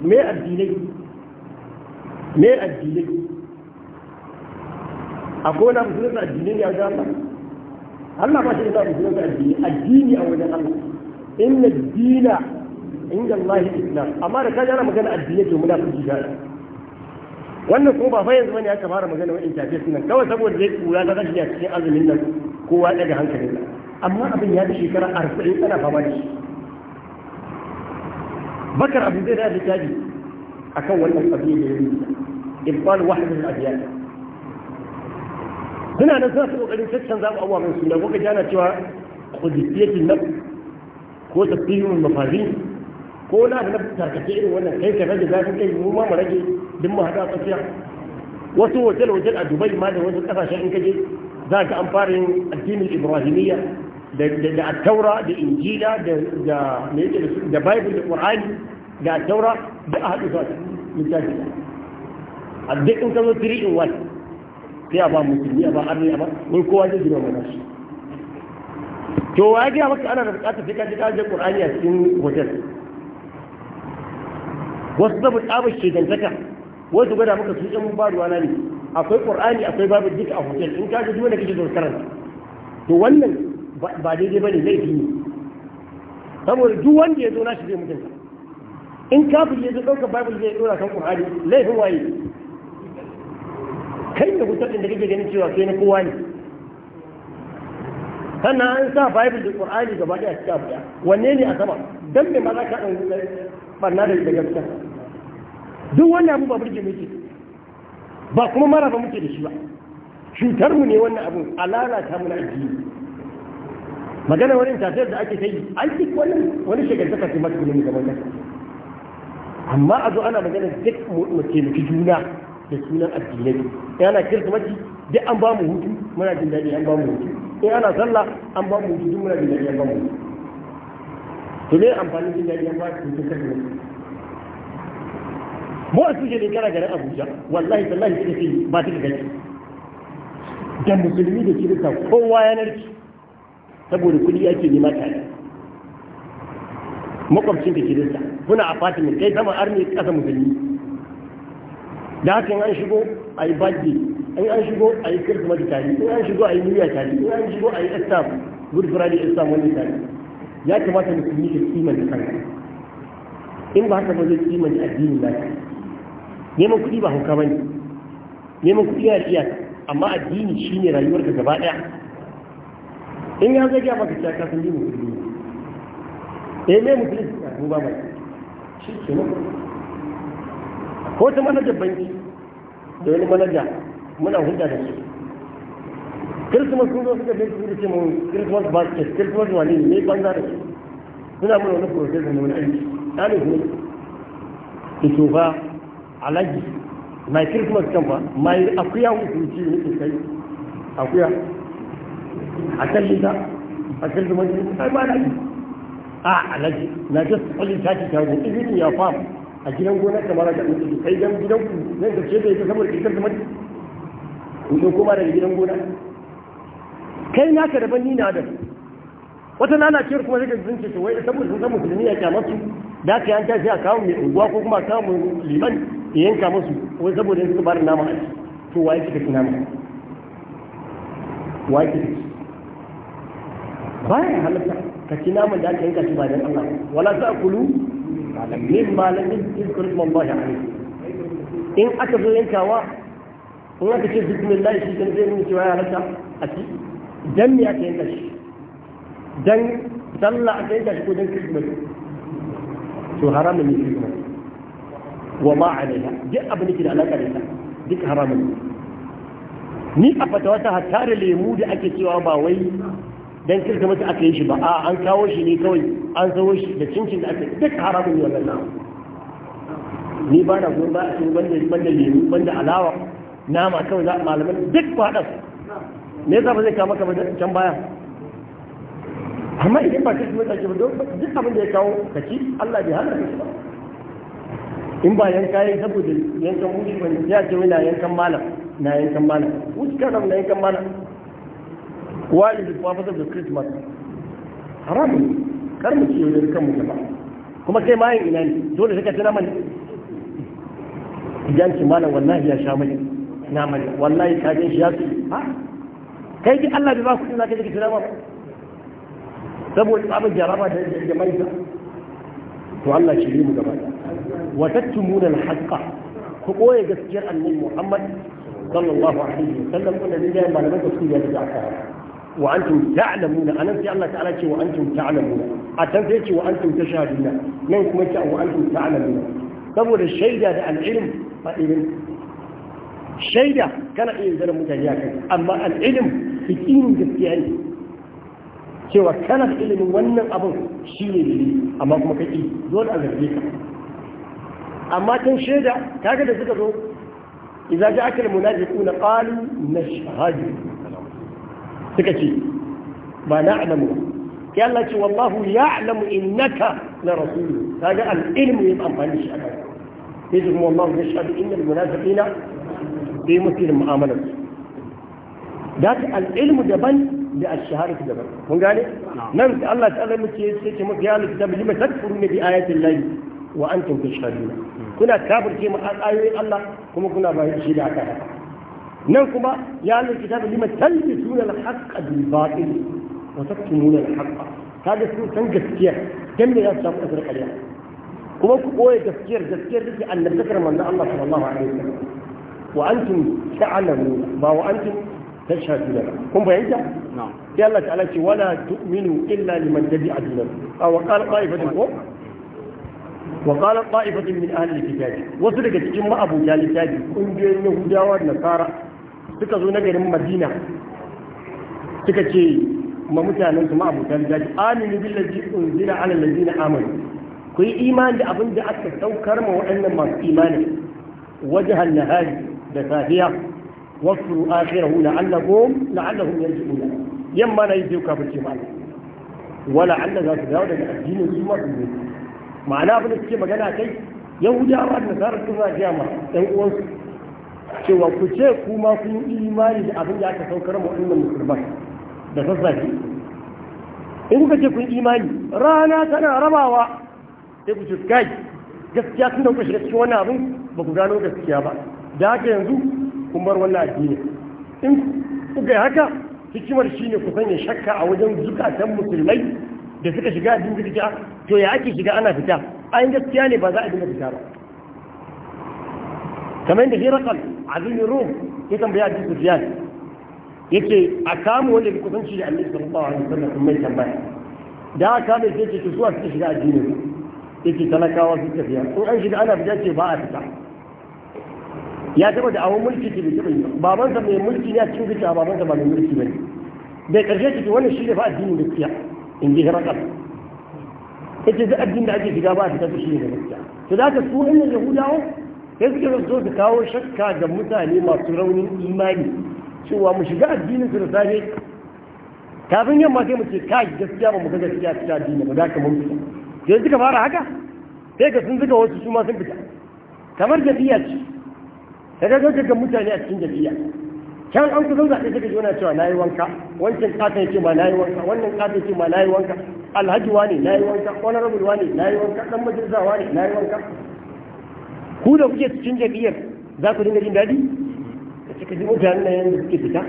me addinai me addinai akwai wani musulun da addinai ne a jama'a Allah ba shi da musulun da addini addini a wajen Allah inna dina inda Allah islam amma da ka jana magana addini to munafiki da wannan kuma ba fa yanzu bane aka fara magana wa'in tafiya suna, kawai saboda zai kura ta kashi a cikin azumin nan kowa daga hankalin nan amma abin ya fi shekara arba'in ana fama da shi bakar abu zai da a kan wannan abin da ya yi rubuta ibal wahdatul adiyan suna nan suna kokarin sassan zaɓa abubuwan suna kuka jana cewa kudistiyatin nan ko tafsirin mafazin ko na da tarkace irin wannan kai ka rage zafin kai mu ma mu rage duk mu hada tsakiya wasu hotel hotel a dubai ma da wasu kasashen in ka je za ka an fara yin addinin ibrahimiyya da attaura da injila da da bible da qur'ani da attaura da a haɗu sa littafi a duk in ka zo 3 in 1 sai a ba musulmi a ba arni a ba mun kowa zai jira mana shi to ya ga maka ana da bukatar sai ka ji ka je qur'ani a cikin hotel wasu saboda tsabar shegantaka wasu gwada maka su yan ba na ne akwai qur'ani akwai babu duka a hotel in kaji duk wanda kake zo karanta to wannan ba daidai bane laifi ne saboda duk wanda ya zo nashi zai mutunta in kafin ya zo ɗauka babu zai ɗora kan qur'ani laifin waye kai ne hujjar da kake ganin cewa sai na kowa ne sannan an sa bible da qur'ani gaba ɗaya a cikin abu wanne ne a sama dan me ma za ka ɗan barna da gaskiya duk wannan abu ba burge muke ba kuma mara ba muke da shi ba cutar mu ne wannan abu a lalata mu na addini magana wani tafiyar da ake kai an ci wani shekar ta ce masu gudun gaban kasa amma a zo ana magana duk mu taimaki juna da sunan addinai in ana mafi duk an ba mu hutu muna jin daɗi an ba mu hutu in ana sallah an ba mu hutu duk muna jin daɗi an ba mu hutu to me amfanin jin daɗi an ba mu hutu kirsimati mu a suje ne kana garin abuja wallahi tallahi suka ce ba ta gani da musulmi da kirista kowa ya narki saboda kuɗi ake nema tare makwabcin da ta, kuna a fatimin kai sama arni ƙasa musulmi da haka an shigo a yi bandi in an shigo a yi ma da tari in an shigo a yi niyya tari in an shigo a yi islam good friday islam wani tari ya kamata musulmi da kiman da kanka in ba haka ba zai kiman da addini na neman kudi ba hauka bane neman kudi yana iyaka amma addini shine rayuwar ka gaba daya in ya zai maka cewa ka san neman kudi ne eh me mutum ya duba ah, mai shi ke nan ko ta manajan banki da wani manaja muna hulɗa da su kirsimas sun zo suka bai su da ce mun kirsimas basket kirsimas wani ne banza da su suna muna wani profesa ne wani aiki ɗalibin ne ki tofa alaji mai christmas can ba mai akuya hukunci ne ke kai akuya a can lita a can zuma ne ai ba na yi a alaji na just kwalin taki ta zo izini ya fam a gidan gona kamar da ɗin kai dan gidan ku nan da ce da yake saboda kitar zuma ne ko kuma da gidan gona kai naka daban ni na da wata lalacewar kuma zai ga zunce ta wai saboda sun san musulmi ya kyamar su da ka yanka shi a kawo mai unguwa ko kuma kawo mai liman ya yanka musu wani saboda suka bada nama a to waye kika ci nama waye kika ci bayan halatta ka ci nama da aka yanka shi ba dan Allah wala ta kulu min malamin izkur man ba a in aka zo yankawa in aka ce bismillah shi kan zai nuna cewa ya halatta a ci dan me aka yanka shi dan sallah aka yanka shi ko dan kismet to haramun ne shi wa ma alaiha duk abin da ke da alaƙa da ita duk haramun ne ni a fata wata hattare lemu da ake cewa ba wai dan kirka mata aka yi shi ba a an kawo shi ne kawai an zawo shi da cincin da aka yi duk haramun ne wannan nama ni ba na goyon ba a cikin banda banda lemu banda alawa nama kawai za a malaman duk faɗa me yasa ba zai kama ka can baya amma idan ba kashi mata ke ba duk abin da ya kawo kaci Allah bai hana kashi ba in ba yanka yin saboda yankan mushi ba ya ce na yankan malam na yankan malam wuce kan na yankan malam Wali da kuma fasar da christmas haramu kar mu yau da kanmu gaba kuma kai mayan ina ne dole sai ka tuna mani idan ki malam wallahi ya sha mani na mani wallahi ka gan shi ya su kai ki Allah bai ba ku na kai ki tuna mani saboda tsabar jaraba da jama'ita to Allah shi ne mu gaba wa tattumuna al-haqqa ku koye gaskiyar annabi Muhammad sallallahu alaihi wa sallam wanda ne da malaman da su ya da aka wa antum ta'lamuna anan sai Allah ta'ala ce wa antum ta'lamuna a can sai ce wa antum tashhaduna nan kuma ce wa antum ta'lamuna saboda shaida da al-ilm fa ilm shaida kana iya zara mutane akai amma al-ilm fikinin gaskiya ne cewa kana da ilimin wannan abin shi ne ne amma kuma kaki dole a zarge ka amma tun shaida kaga da suka zo idza ja'aka almunafiquna qalu nashhadu suka ce ba na alamu ya Allah ce wallahu ya'lamu innaka la rasul kaga al-ilmu yin amfani shi akai sai kuma wallahu yashhadu innal munafiqina bi mutil da ذات العلم daban. الشهادة دبر من قال نعم. نعم الله تعالى مش يا الكتاب لما تكفرون بآيات الله وأنتم تشهدون كنا كافر في مقال آية آه، الله كما كنا بشيء ذاك نعم يا يعني الكتاب لما تلبسون الحق بالباطل وتكتمون الحق هذا سوء تنجسكيا كم لا تشاف أسرق عليها كما كوي تفكير تفكير لكي أن نذكر من الله صلى الله عليه وسلم وأنتم تعلمون ما وأنتم تشهدون هم بعيدا sai Allah ta'ala ce wala tu'minu illa liman tabi'a dinan aw qala qa'ifatun ko wa qala qa'ifatun min ahli kitab wasu daga cikin ma'abuja littafi kungiyoyin yahudawa da nasara suka zo na garin madina suka ce ma mutanen su ma'abuja littafi aminu billazi unzila ala allazina amanu ku yi imani da abin da aka saukar ma waɗannan masu imani wajahan nahari da safiya wasu akhirahu la'allahum la'allahum yarji'una yamma na yi zai ce ma wala Allah za su dawo daga addinin su ma su ma'ana abin da suke magana kai yahudawa da nasarar su za gaya ma ɗan uwansu cewa ku ce kuma kun yi imani da abin da aka saukar ma waɗannan musulman da sassafe in kuka ce kun imani rana tana rabawa sai ku ce kai gaskiya tun da kuka shiga cikin wannan abin ba ku gano gaskiya ba da haka yanzu kun bar wannan addini in kuka yi haka hikimar ne ku sanya shakka a wajen zukatan musulmai da suka shiga din fita to ya ake shiga ana fita an gaskiya ne ba za a dinga fita ba kamar da hirakal azimin rum ya tambaya abin sufiyan yace a kama wanda ke kusanci da annabi sallallahu alaihi wasallam mai tambaya da aka mai sai ce ki zuwa suka shiga addinin yake talakawa suka fiya in an shiga ana fita ce ba a fita ya taba da awon mulki ce bai taba yi babansa mai mulki ya a cikin zuciya babansa ba mai mulki ba ne bai karshe ciki wannan shi ne fa addinin gaskiya in ji harakar ya ce duk addinin da ake shiga ba a fita shi ne da gaskiya to da haka su wannan yahudawa ya suke so su kawo shakka ga mutane masu raunin imani cewa mu shiga addinin su da safe kafin yamma sai mu ce kai gaskiya ba mu ga gaskiya cikin addini ba da ka mun fita yanzu ka fara haka sai ka sun zuga wasu su ma sun fita kamar jabiya ce daga zai ga mutane a cikin jam'iyya can an kusan zaɓe suka ji wani cewa na wanka wancan ƙasa ya ce ma na wanka wannan ƙasa ya ce ma na yi wanka alhaji wa ne na yi wanka honorable wa ne na wanka ɗan majalisa wa ne na wanka ku da kuke cikin jam'iyyar za ku dinga jin daɗi da cika ji mutanen na yanzu suke fita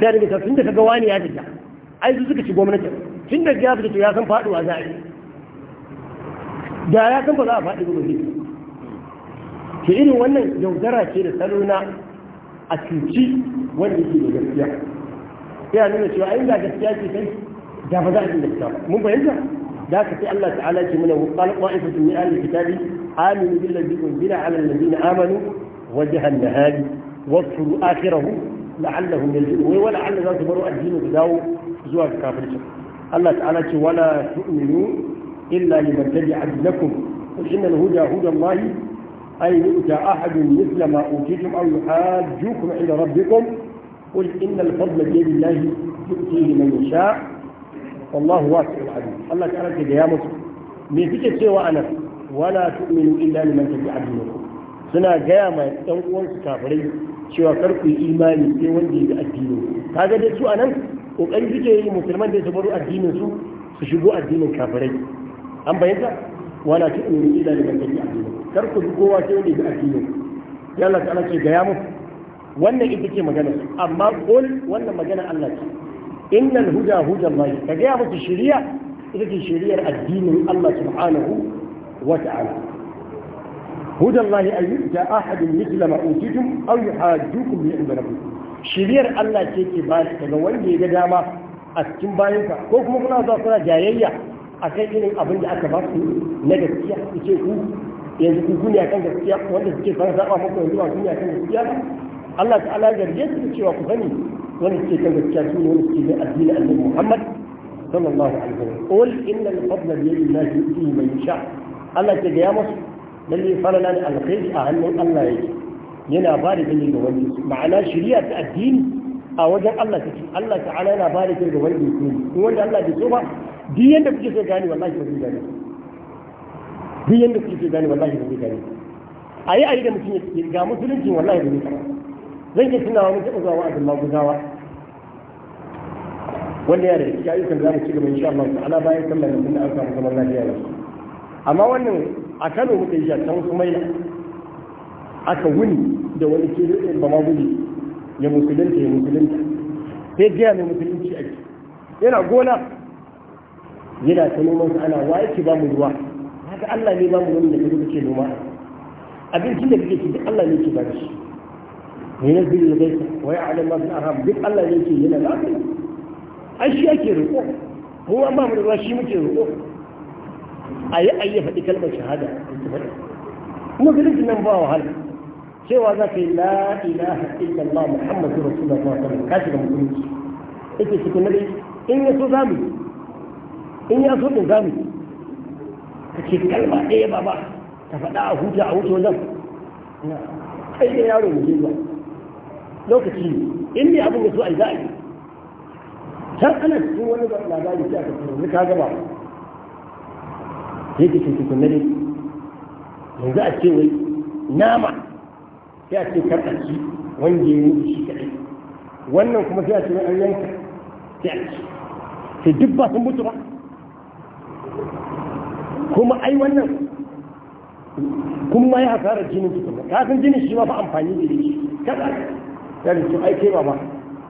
sai da bisa tun da kaga wani ya fita ai su suka ci gwamnatin tun da ya fita to ya san faɗuwa za a yi da ya san ba za a faɗi ba ba ke irin wannan yaudara ce da salona a cuci wanda yake da gaskiya sai a nuna cewa ai ga gaskiya ce kai da ba za a gaskiya mun bayyana da ka sai Allah ta'ala ce mana qala qa'ifatu min ahli kitabi aminu billazi unzila ala alladhina amanu wajha an-nahari واذكروا آخره لعلهم يلجؤون ولعل ذلك بروا الدين بداو زوا كافرين الله تعالى ولا تؤمنوا إلا لمن تبع دينكم قل إن الهدى هدى الله أن يؤتى أحد مثل ما أوتيتم أو يحاجوكم إلى ربكم قل إن الفضل بيد الله يؤتيه من يشاء والله واسع عليم الله تعالى كده يا مسلم me suke cewa anan wala tu'minu illa liman tabi'a dinakum suna gaya ma dan uwansu kafirai cewa kar kuyi imani sai wanda ya bi addinin kaga dai su anan kokari suke yi musulman da su baro addinin su su shigo addinin kafirai an kar ku kowa sai wanda ya addini Yalla ta ta'ala ce gaya muku wannan ita ce magana amma qul wannan magana Allah ce innal huda huda Allah ka gaya musu shari'a ita ce shari'ar addinin Allah subhanahu wa ta'ala huda Allah ay yu'ta ahadun mithla ma utitum aw yuhajjukum bi inda rabbikum shari'ar Allah ce ke ba daga wanda ya ga dama a cikin bayanka ko kuma kuna zuwa kuna jayayya a kan irin abin da aka ba su na gaskiya su ce ku yanzu ku duniya kan gaskiya wanda suke san saba muku yanzu ba duniya kan gaskiya Allah ta'ala garje su da cewa ku sani wanda suke kan gaskiya su ne wanda suke bin addini annabi Muhammad sallallahu alaihi wasallam qul inna al-fadla bi yadillahi yu'tihi man yasha Allah ta gaya musu lalle falala al alkhairi a hannun Allah yake yana ba da gani ga wani ma'ana shari'a ta addini a wajen Allah take Allah ta'ala yana ba da gani ga wani ne wanda Allah bai so ba duk yanda kuke so gani wallahi ba zai gani duk yadda suke gani wallahi ba zai gane a yi a yi da mutum ya ce ga musulunci wallahi ba zai zan ke tunawa mun taɓa zuwa wa'azin maguzawa wanda ya da cikin ayyukan za mu ci gaba insha Allah ta'ala bayan sallar da sunna an samu zaman lafiya da amma wannan a Kano muka yi a can yi aka wuni da wani ke rubin ba wuni ya musulunta ya musulunta sai gaya mai musulunci ake yana gona yana ta noman ana wa yake ba mu ruwa haka Allah ne ba mu wani da kaje kake noma abincin da kake ci duk Allah ne ke ba shi ne na bil ma fil arham duk Allah ne ke yana lafiya ai shi yake roƙo mu ma mu da shi muke roƙo ayi ayi faɗi kalmar shahada kuma nan ba wahala cewa za ka yi la ilaha illallah muhammadu rasulullah sallallahu alaihi wasallam kashi da mutunci yake cikin nabi in ya so zamu in ya so din zamu ta kalma ɗaya ba ba ta faɗa a huta a wuce wajen na kai da yaro mu zuwa lokaci in ne abin da su ai za a yi can ana cikin wani labari sai a tafiya wani ka gaba sai ke cikin kuma ne yanzu a ce wai nama sai a ce karɓarci wanda ya mutu shi kaɗai wannan kuma sai a ce an yanka sai a ce sai duk ba sun mutu ba kuma ai wannan kun ma yi jinin su ka san jinin shi ma fa amfani da shi kada da su ai kai baba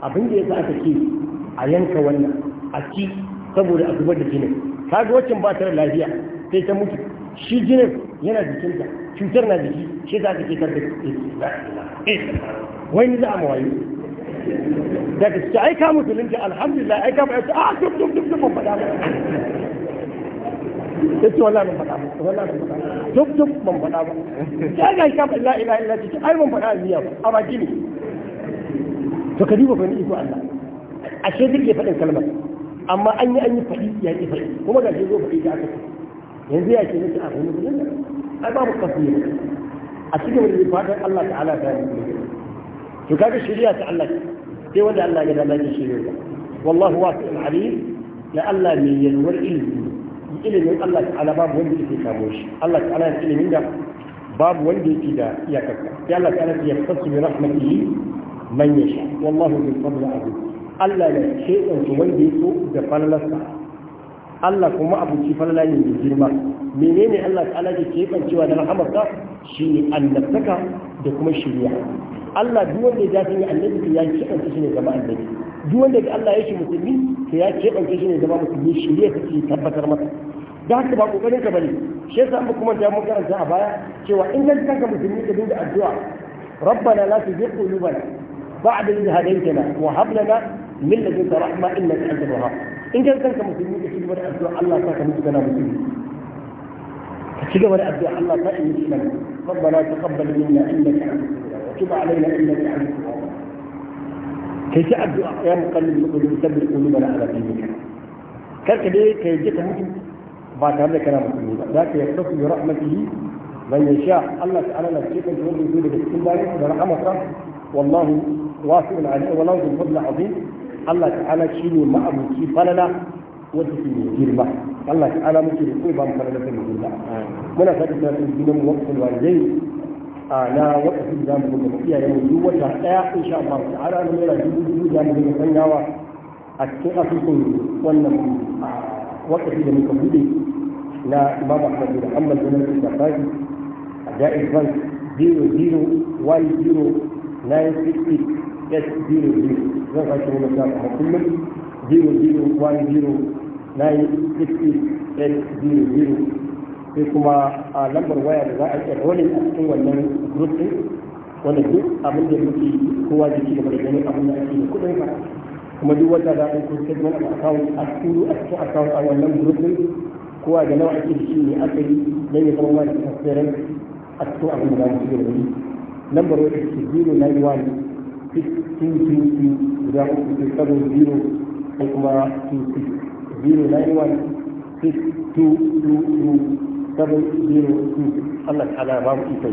abin da yasa aka ce a yanka wannan a ci saboda a zubar da jinin kaga waccan ba ta da lafiya sai ta mutu shi jinin yana ta, cutar na jiki shi za ka ce kar da wai ni za a mawayo daga su ai ka musulunci alhamdulillah ai ka ba a ah, duk duk duk ban faɗa ba ya ce wallahi ban faɗa ba wallahi ban faɗa ba duk duk ban faɗa ba ya ga ka la ilaha illa ta ai ban faɗa niyya ba a baki to ka duba bani iko Allah ashe duk ya faɗin kalmar amma an yi an yi faɗi ya ki faɗi kuma ga shi zo faɗi da aka yanzu ya ce nake a wani gurin ai babu kafin a cikin wani fatan Allah ta'ala ta yi to kaga shari'a ta Allah sai wanda Allah ya dama ya wallahu wasi'un alim la Allah mai yalwar ilimi ilimin Allah ta'ala babu wanda yake kamo shi Allah ta'ala yana ilimin da babu wanda yake da iyakarsa sai Allah ta'ala ya fasu bi rahmatihi man yasha wallahu bil fadli azim Allah ne shaytan su wanda yake da falalarsa Allah kuma abuci falala ne mai girma menene Allah ta'ala ke kebancewa da rahamarsa shine annabtaka da kuma shiriya Allah duk wanda ya dace ne annabi ya kebance shi ne zama annabi duk wanda Allah ya shi musulmi to ya kebance shi ne zama musulmi shiriya take tabbatar masa da haka ba kokarin ka bane shi yasa mu kuma da mu karanta a baya cewa in ka kanka musulmi ka dinga addu'a rabbana la tuzigh qulubana ba'da idh hadaytana wa hab lana min ladunka rahma innaka antal wahhab in ka kanka musulmi ka cigaba da addu'a Allah ka mutu kana musulmi ka cigaba da addu'a Allah ka in musulmi rabbana taqabbal minna innaka antas wa tub alaina innaka antas kai ta addu'a ya muqallib qulub sabbi qulubana ala dinika karka dai kai je ka mutu ba tare da kana musulmi ba za ka yarda su bi rahmatihi man yasha Allah ta'ala na cikin da wanda zai daga cikin bayan da rahmatsa wallahu wasi'un alim wallahu dhul fadl azim Allah ta'ala shine ma'abuci falala wanda ke girma Allah ta'ala muke da kai ba mu falala ta girma muna fatan da sunan waqtul walidai a na wakafin za mu buga iyayen mu duk wata daya insha Allah ta'ala na naira dubu dubu za mu buga sanyawa a cikin asusun wannan wakafi da muka bude na imam ahmad bin hanbal bin al a jaiz bank 0010960 zan kashe wani sa kuma kullum 0010960 sai kuma a lambar waya da za a iya rolin a cikin wannan group din wanda duk abin da muke kowa da ci da ganin abin da ake da kuɗin ka kuma duk wata da da mana a cikin a a cikin a wannan group kowa da nawa ake shi ne aka yi don ya zama wani tasirin a cikin abin da za su yi lambar wata ce 091 guda uku sabon ko kuma Allah ta'ala ba mu yi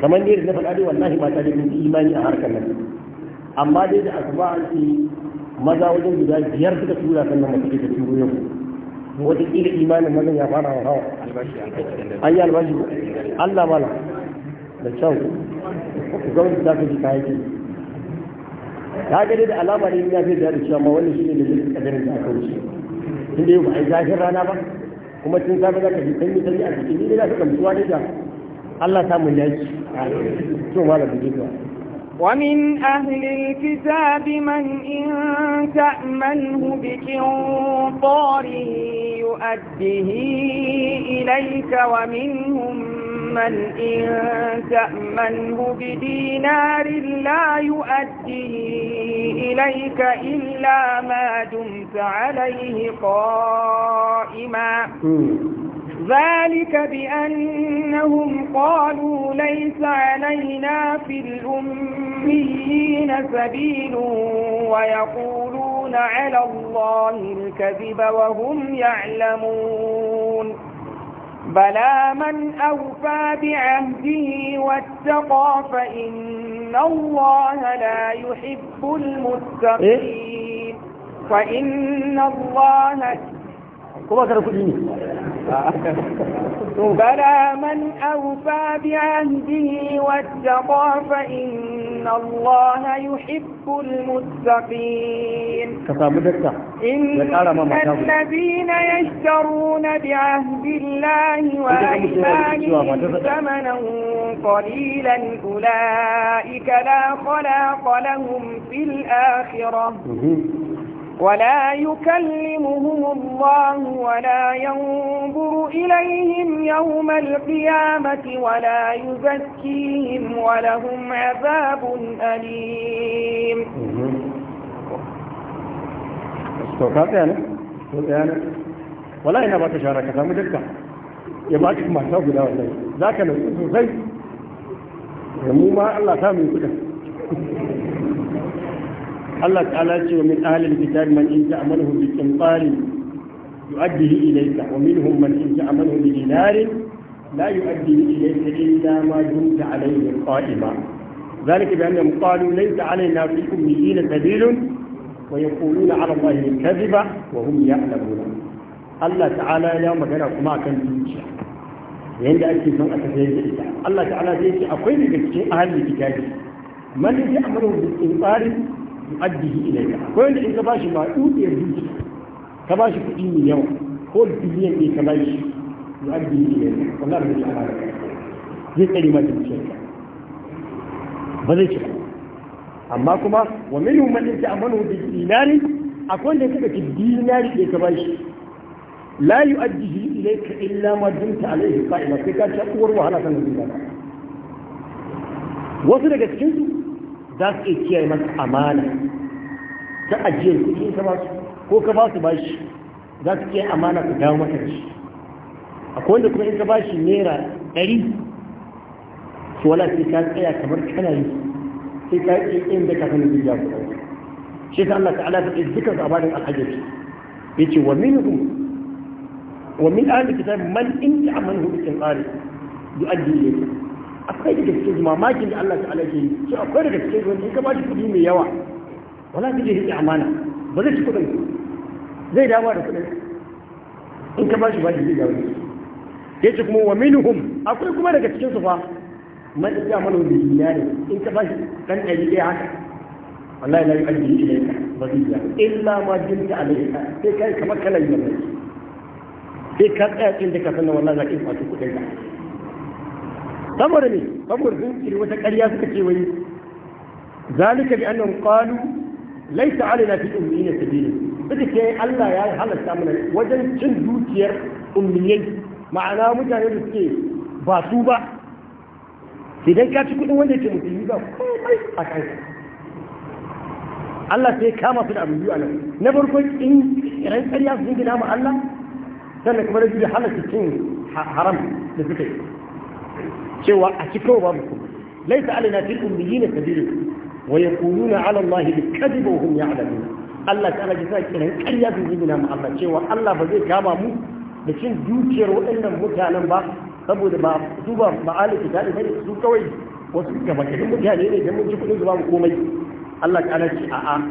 kamar ne da na faɗa dai wallahi mata da mun imani a harkar nan amma dai da asuba an maza wajen guda biyar suka tura sannan mace ta turo yau wataƙila imanin mazan ya fara hawa an yi albashi allah mana da kyau gwamnati ta fi ta yake ta gani da alama ne ya fi da da cewa ma wannan shi ne da zai kadarin da aka wuce inda yau ba a yi zafin rana ba kuma tun safe za ka fi sanyi sanyi a cikin ne za ka gamsuwa ne da allah samun yaki to malam da ومن أهل الكتاب من إن تأمنه بقنطار يؤده إليك ومنهم من إن تأمنه بدينار لا يؤده إليك إلا ما دمت عليه قائما ذلك بأنهم قالوا ليس علينا في الأميين سبيل ويقولون على الله الكذب وهم يعلمون بلى من أوفى بعهده واتقى فإن الله لا يحب المتقين فإن الله كما كانوا بلى من أوفى بعهده واتقى فإن الله يحب المتقين إن الذين يشترون بعهد الله وأيمانهم ثمنا قليلا أولئك لا خلاق لهم في الآخرة ولا يكلمهم الله ولا ينظر إليهم يوم القيامة ولا يزكيهم ولهم عذاب أليم استوقات يعني يعني ولا هنا بتشارك كلام جدا يبقى أكيد محتاج إلى ولا ذاك الوقت زي mu ma Allah ta mu Allah ta'ala ce wa min ahlil kitab man in ta'amalahu bi qintarin yu'addihi ilayka wa minhum man in ta'amalahu bi dinarin la yu'addihi ilayka illa ma dumta alayhi qa'ima ذلك بأنهم قالوا ليس علينا في الأميين سبيل ويقولون على الله الكذب وهم يعلمون الله تعالى كان يمشي ake son a tafiyar da ita Allah ta'ala zai ce akwai daga cikin man yu'addihi ilayka akwai wanda in ka bashi ma dukiyar dukiya ka bashi kuɗi mai yawa ko biliyan ne ka bashi yu'addihi ilayka wallahi da Allah zai tsare ma dukiyarka ba zai ci amma kuma wa minhum man ta'amanu bi dinari akwai wanda kaga ki dinari ne ka bashi la yu'addihi ilayka illa ma dumta alayhi qa'ima sai ka ci uwar wahala kan da, wasu daga cikin su za su iya kiyaye masa amana ta ajiyar kuɗi ka ba su ko ka ba su ba shi za su kiyaye amana ka dawo mata da shi akwai wanda kuma in ka ba shi naira ɗari su wala sai ka tsaya kamar kana yi sai ka yi inda ka sanin zuciya kuɗi shi ta Allah ta'ala ta ɗaya dukkan labarin alhaji ya ce wa Wa minhum ومن آل الكتاب من إن تعمله بتنقاره يؤدي إليه akwai daga cikin mamakin da Allah ta'ala ke yi akwai daga cikin wanda in ka bashi kuɗi mai yawa wala zai rike amana ba zai ci kuɗin zai dawo da kuɗin in ka bashi ba zai dawo ya ce kuma wa minhum akwai kuma daga cikin su fa man ya mana bi ne. in ka bashi dan ɗari ɗaya haka wallahi la yu'addi ne ba zai ya illa ma jinta alayka sai kai kamar kalan yi sai ka tsaya cikin da ka sanar wallahi za ka yi kwato kuɗin ka saboda ne saboda sun kiri wata ƙarya suka ce wai zalika bi annahum qalu laysa alaina fi ummiyina sabili suka ce Allah ya halatta mana wajen cin dukiyar ummiyai ma'ana mutane da suke ba su ba idan ka ci kuɗin wanda yake musulmi ba komai a kanka Allah sai kama su da abu biyu a nan na farko in ran ƙarya su gina ma Allah sannan kuma da biyu da halatta cin haram da suka yi cewa a cikin babu ku laisa alaina fil ummiyina sabil wa yaquluna ala allahi bil kadhibi wa hum ya'lamun Allah ta'ala ya sa kiran ƙarya su zubina mu Allah cewa Allah ba zai kama mu da cin dukiyar waɗannan mutanen ba saboda ba su ba ma'aliki ta ne su kawai wasu gabatarin mutane ne da mun ji kuɗin su ba mu komai Allah ta'ala ce a'a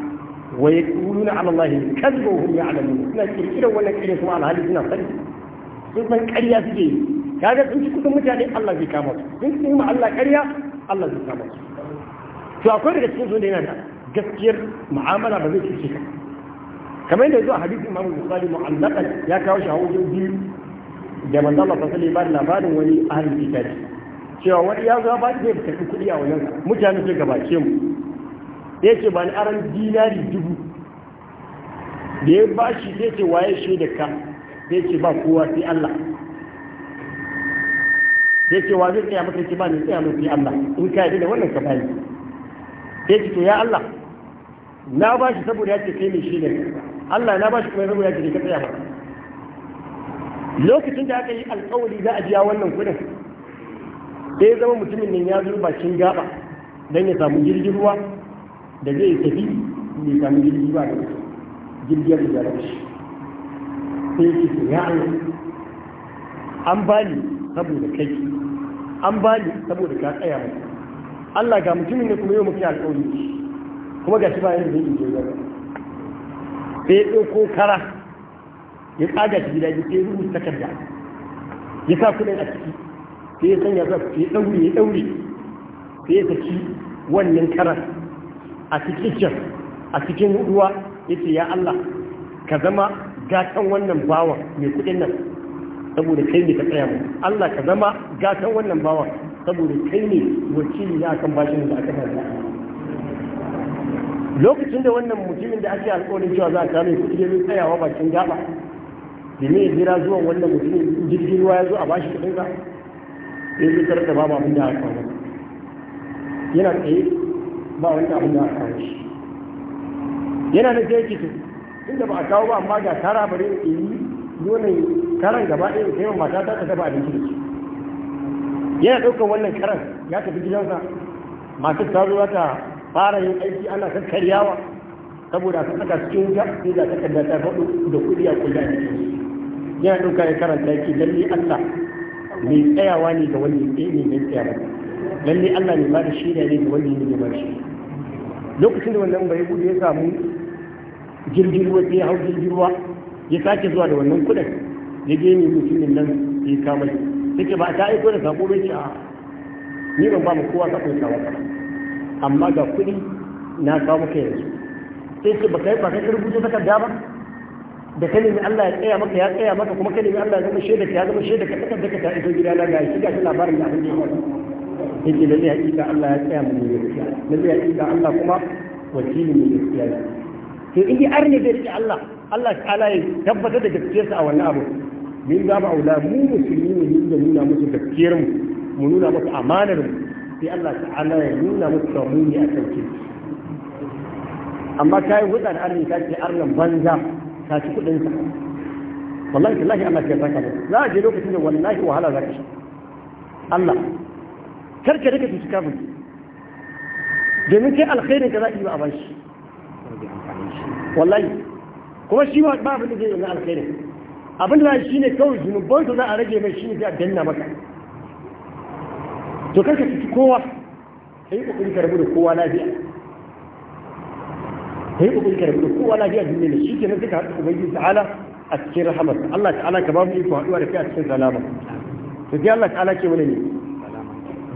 wa yaquluna ala allahi kadhibu wa hum ya'lamun suna kirkirar wannan ƙarya kuma alhali suna sani sun san ƙarya suke yi kaga sun ci kusan mutane Allah zai kama su sun ci ma Allah ƙarya Allah zai kama su to akwai daga cikin su da yana da gaskiyar mu'amala ba zai ci ka kamar yadda zuwa hadisi imamu musali mu'allaqan ya kawo shi a biyu da manzo Allah sallallahu alaihi wasallam labarin wani ahli kitabi cewa wani ya zo ba zai tafi kuɗi a wajen mutane sai gabace mu ya ce ba ni aran dinari dubu da ya bashi sai ce waye shi da ka sai ce ba kowa sai Allah zai ce wa zai tsaya maka ce ba ne tsaya maka Allah in ka yi da wannan ka bani sai ce to ya Allah na ba shi saboda ya ce kai mai shi ne Allah na ba shi kuma saboda ya ce ka tsaya maka lokacin da aka yi alkawari za a biya wannan kudin sai zama mutumin nan ya zuba bakin gaba don ya samu jirgin ruwa da zai tafi ne samu jirgin ruwa da jirgin da ya shi sai ya ce ya Allah an bani saboda kai an ba ni saboda ka tsaya mai Allah ga mutumin ne kuma yau muke alƙawari kuma ga shi ba yadda zai yi ba sai ɗauko kara ya tsaga shi gida sai rubuta takarda ya sa kuɗin a ciki sai ya sanya zaf ya ɗaure ya ɗaure sai ya saki wannan karar a cikin can a cikin ruwa ya ya Allah ka zama gatan wannan bawan mai kuɗin nan saboda kai ne ka tsaya mu Allah ka zama gatan wannan bawa saboda kai ne wakili na kan bashin da aka fara lokacin da wannan mutumin da ake alƙawarin cewa za a samu kuɗi ya tsayawa bakin gaba da ne jira zuwan wannan mutumin jirgin ruwa ya zo a bashi kuɗin ba ya zo tarar da ba abin da aka kawo yana tsaye ba wani abin da aka kawo shi yana na jirgin kitu inda ba a kawo ba amma ga tara bare in yi nonon karan gaba ɗaya kai wa mata ta dafa abinci da shi yana ɗaukar wannan karan ya tafi gidansa masu ta zo ta fara yin aiki ana kakkaryawa saboda su saka cikin wuta sai da kalla ta faɗo da kuɗi a kulla a cikin yana ɗauka ya karanta yake lalle Allah mai tsayawa ne ga wani ɗaya ne mai tsayawa lalle Allah mai ba da ne ga wani ne mai shi lokacin da wannan bai gudu ya samu jirgin ruwa sai ya hau jirgin ruwa ya sake zuwa da wannan kuɗin ya je ne mutumin nan ya kama shi take ba ta aiko da sako bai a ni ban ba mu kowa sakon kawo ba amma ga kuɗi na kawo maka yanzu sai ce ba kai ba kai rubuta takarda ba da ka nemi Allah ya tsaya maka ya tsaya maka kuma ka nemi Allah ya zama shaida ka ya zama shaida ka takarda ka ta iso gida na ga shi ga shi labarin da abin da ya faru yake da zai hakika Allah ya tsaya mun gaskiya da zai hakika Allah kuma wakili mai gaskiya ne to in dai arne da rike Allah Allah ta'ala ya tabbatar da gaskiyarsa a wannan abu min za mu aula mu musulmi ne mu da nuna musu gaskiyar mu mu nuna musu amanar mu sai Allah ta'ala ya nuna musu da mu ne a sarki amma kai huda da arni ta ce arnan banza ta ci kudin sa wallahi billahi Allah ya saka da za a je lokacin da wallahi wahala za ka sha Allah kar ka rika tuci kafin domin kai alkhairin ka za ka yi a bashi wallahi kuma shi ba abin da zai yi na alkhairin abin da shi ne kawai zunuban su za a rage mai shi ne a danna maka to kanka fiti kowa sai kokari ka rabu da kowa lafiya sai kokari ka rabu da kowa lafiya duniya ne shi ke nan suka haɗu ubangiji ta'ala a cikin rahamar Allah ta'ala ka babu iko haɗuwa da kai a cikin salama to sai Allah ta'ala ke wani ne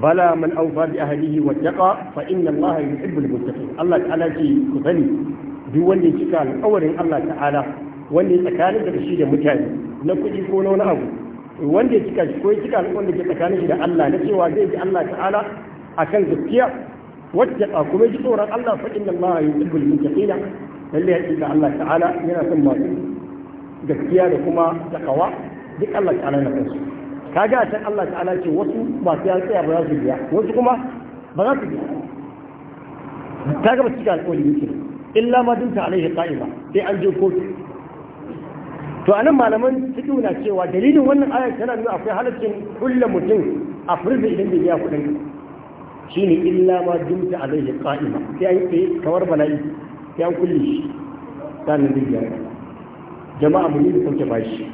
bala man awfa bi ahlihi wa taqa fa inna Allah yuhibbul muttaqin Allah ta'ala ce ku sani duk wanda ya cika alƙawarin Allah ta'ala wanda ya tsakanin da shi da mutane na kuɗi ko na wani abu wanda ya cika shi ko ya cika alƙawarin da ke tsakanin shi da Allah na cewa zai ji Allah ta'ala a kan gaskiya wacce a kuma ji tsoron Allah fa inna Allah yuhibbul muttaqina lalle da Allah ta'ala yana son masu gaskiya da kuma takawa duk Allah ta'ala na kansu kaga a can Allah ta'ala ce wasu masu yan tsaya ba za su biya wasu kuma ba za su biya kaga ba su cika alƙawarin yake illa ma dinta alaihi qa'ima sai an je kotu to anan malaman cikin na cewa dalilin wannan ayat tana nuna akwai halaccin kulle mutum a furfi idan bai biya kuɗin ne illa ma dumta alaihi qa'ima sai an yi kawar bala'i sai an kulle shi sanin zai biya jama'a mu ne da kuke bashi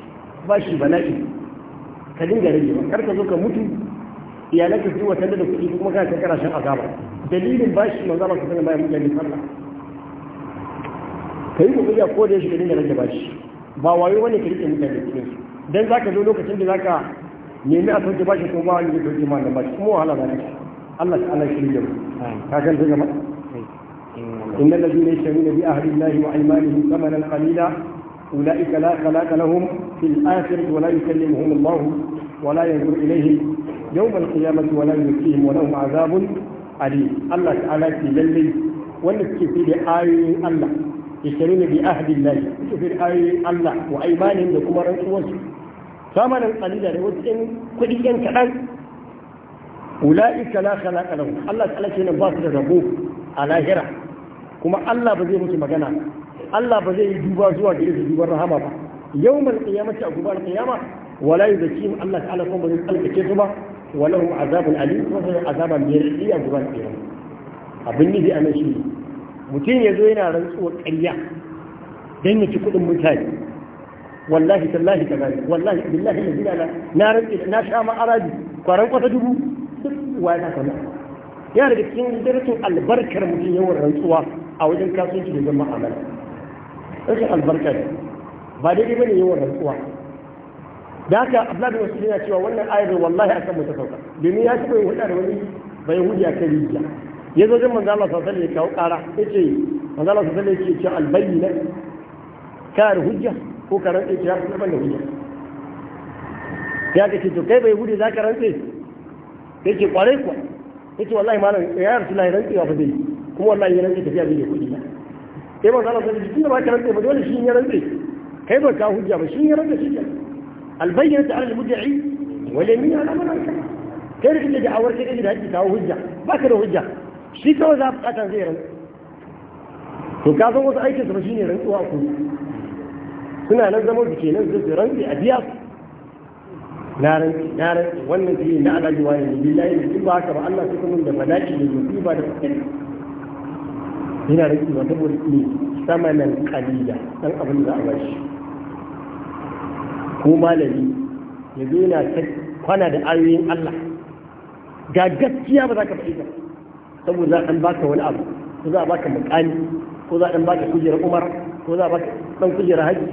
bashi bala'i ka dinga rage ba kar ka zo ka mutu iyalan ka zuwa tare da kuɗi kuma kana kan karashin azaba dalilin bashi manzo Allah sallallahu alaihi bayan mutane sallah kai ku iya ko da shi ka dinga rage bashi ba wayo wani ka rike mutane cikin su dan zaka zo lokacin da zaka nemi a sauke bashi ko ba wani da sauke ma nan bashi kuma wahala za ka Allah ta Allah shirya mu ka kan daga ma إن الذين يشترون بأهل الله وأيمانهم ثمنا قليلا أولئك لا خلاق لهم في الآخرة ولا يكلمهم الله ولا ينظر إليهم يوم القيامة ولا يزكيهم ولهم عذاب أليم الله تعالى في للي ونسكي في آي الله يشترون بعهد الله في آي الله وأيمانهم لكم رسول ثمنا قليلا وإن كل إن كان أولئك لا خلاق لهم الله تعالى كنا باطل ربوه على هرة كما الله بزي مسلم مجانا الله بزي جوبا زوا جريس جوبا رحمة يوم القيامة أقوبا القيامة ولا يزكيهم الله تعالى كما بزي قلب كتبا ولهم عذاب أليم وهم عذابا مرئيا أقوبا القيامة أبني بأمشيه mutum ya zo yana rantsuwar ƙarya don ya ci kuɗin mutane wallahi tallahi ta gani wallahi billahi na zina na rantsi na sha ma arabi kwaran kwata dubu duk wa ya kama ya daga cikin darasin albarkar mutum yawan rantsuwa a wajen kasuwanci da zama amana rashin albarka ne ba daidai bane yawan rantsuwa da haka abdullahi wasu yana cewa wannan ayar wallahi a mu ta sauka domin ya taɓa yin hulɗa da wani bai hujja ta rijiya ya zo jin manzo Allah sallallahu alaihi wasallam ya kawo ƙara yace manzo Allah sallallahu alaihi wasallam yace albayyina kar hujja ko karan ce na ban hujja ya kace to kai bai gudu za ka rantse yake kwarai kuwa yace wallahi malam ya rasu lai rantsewa ba zai kuma wallahi ya rantse tafiya bai da kuɗi na sai manzo Allah sallallahu alaihi wasallam ba rantse ba dole shi ya rantse kai ba ka hujja ba shi ya rantse shi albayyina ta'ala al-mudda'i wal yamin ala man ankara kai da kake da'awar kai da haƙƙi kawo hujja ba ka da hujja shi kawai za a bukata zai rantsu to ka san wasu aikinsa ba shine rantsuwa ku suna nan zama da ke nan zai rantsi a biya su na rantsi na rantsi wannan shi na alaji wa ne billahi ne ba haka ba Allah sai kuma da malaki ne ba da fitina yana rantsi wa saboda ne samanan kalila dan abin da a bashi ko malami ya zo yana kwana da ayoyin Allah ga gaskiya ba za ka fahimta saboda za a ɗan baka wani abu ko za a baka mukami ko za a ɗan baka kujerar umar ko za a baka ɗan kujerar haji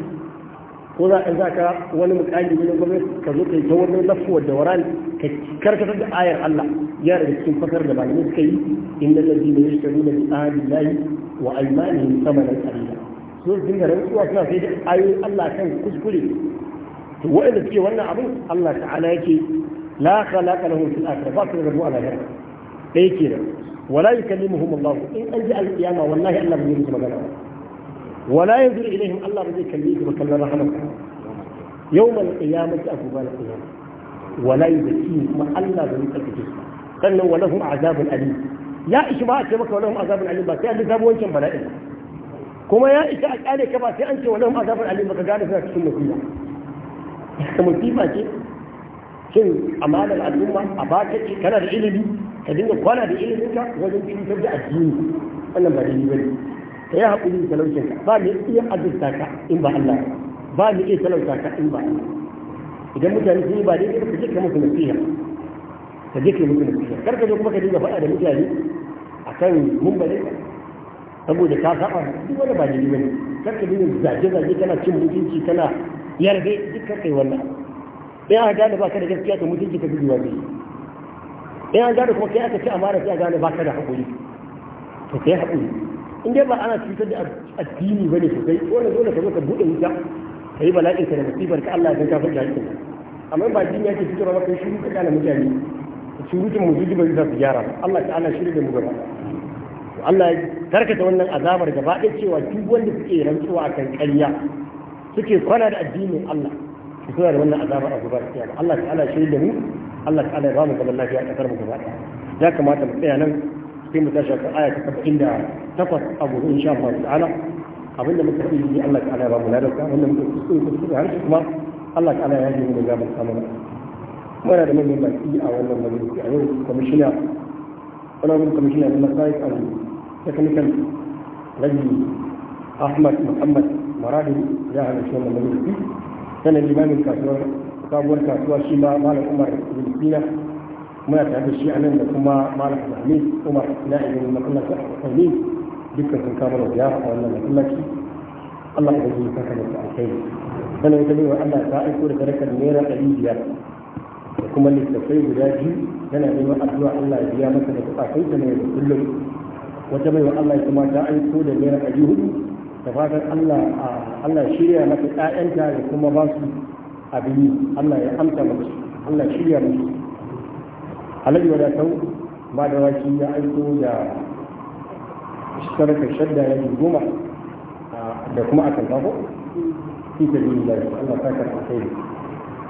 ko za a ɗan zaka wani mukami wani gwamnati ka zo ka yi ta wani lafuwa da waran ka karkatar da ayar Allah ya da cikin fasar da malamai suka yi inda lalzi da yake nuna bi ahadin layi wa aimanihim samanan qalila so da rantsuwa suna sai da ayoyin Allah kan kuskure to waɗanda suke wannan abin Allah ta'ala yake la khalaqa lahum fil akhirah ba su da rabu a lahira ɗaya kenan wala yukallimuhum Allah in an Allah bai musu magana wala yanzuru ilaihim Allah bai kalli su makallar rahama yawmal qiyamati abu bal qiyama wala kuma Allah bai tsarkake su sannan walahum azabun alim ya ishi a ce maka walahum azabun alim ba sai an lissafo wancan bala'in kuma ya a kyale ka ba sai an ce walahum azabun alim baka gane suna cin amanar al'umma a baka ce kana da ilimi ka dinga kwana da ilimin ka wajen cutar da addini wannan ba da yi bane ka yi haƙuri da talaucin ka ba ni iya azurta ka in ba Allah ba ni iya talauta ka in ba Allah idan mutane sun yi ba daidai ba ka je ka musu nasiha ka je ka musu nasiha kar ka je kuma ka dinga faɗa da mutane kan mumbalin saboda ka saba duk wani ba yi bane kar ka dinga zage-zage kana cin mutunci kana yarda duk kai wannan in aka gane ka da gaskiya to mutunci ka gudu wani in aka gane kuma kai aka a mara sai a gane ka da haƙuri to kai haƙuri in dai ba ana cutar da addini ba bane sosai dole dole ka zo ka buɗe wuta ka yi bala'in ka da musibar ka Allah ya ka fada haƙƙin amma ba addini yake fitarwa ba kai shiru ka kana mutane surutun musulmi ba za su gyara Allah ta Allah shiru da mu gaba Allah ya karkata wannan azabar gaba ɗaya cewa duk wanda suke rantsuwa akan ƙarya suke kwana da addinin Allah su suna da wannan azaba a gaba ɗaya Allah ta'ala shi da mu Allah ta'ala ya ba mu zaman lafiya a ƙasar mu gaba ɗaya ya kamata mu tsaya nan sai mu tashi ta aya ta 78 abu insha Allah ta'ala abinda muka yi Allah ta'ala ya ba mu wanda muka kuskure kuskure har kuma Allah ta'ala ya yi mu da gaban samun muna da manyan baki a wannan majalisi a yau kwamishina honorable commissioner na masai al technical rabi ahmad muhammad maradi ya halarci wannan majalisi sanar limamin kasuwar sabuwar kasuwa shi ma malam umar bilisina muna tare da shi a nan da kuma malam abdulhamid umar na'ibin masallaci a kwakwani dukkan sun kama da ziyara a wannan masallaci allah ya zai saka da alkhairi sanar ita bai wa allah ta aiko da sadakar naira ɗari biyar da kuma littattafai guda biyu yana neman addu'a allah ya biya masa da kuɗaɗen ta ne da kullum wata bai wa allah kuma ta aiko da naira ɗari hudu da fatan Allah Allah shirya maka ƴaƴanta da kuma ba su abin yi Allah ya amsa su. Allah shirya maka alaji wadatau ba da waki ya aiko da shirka shadda ya goma da kuma akan kafo fi biyu da Allah ta karɓa kai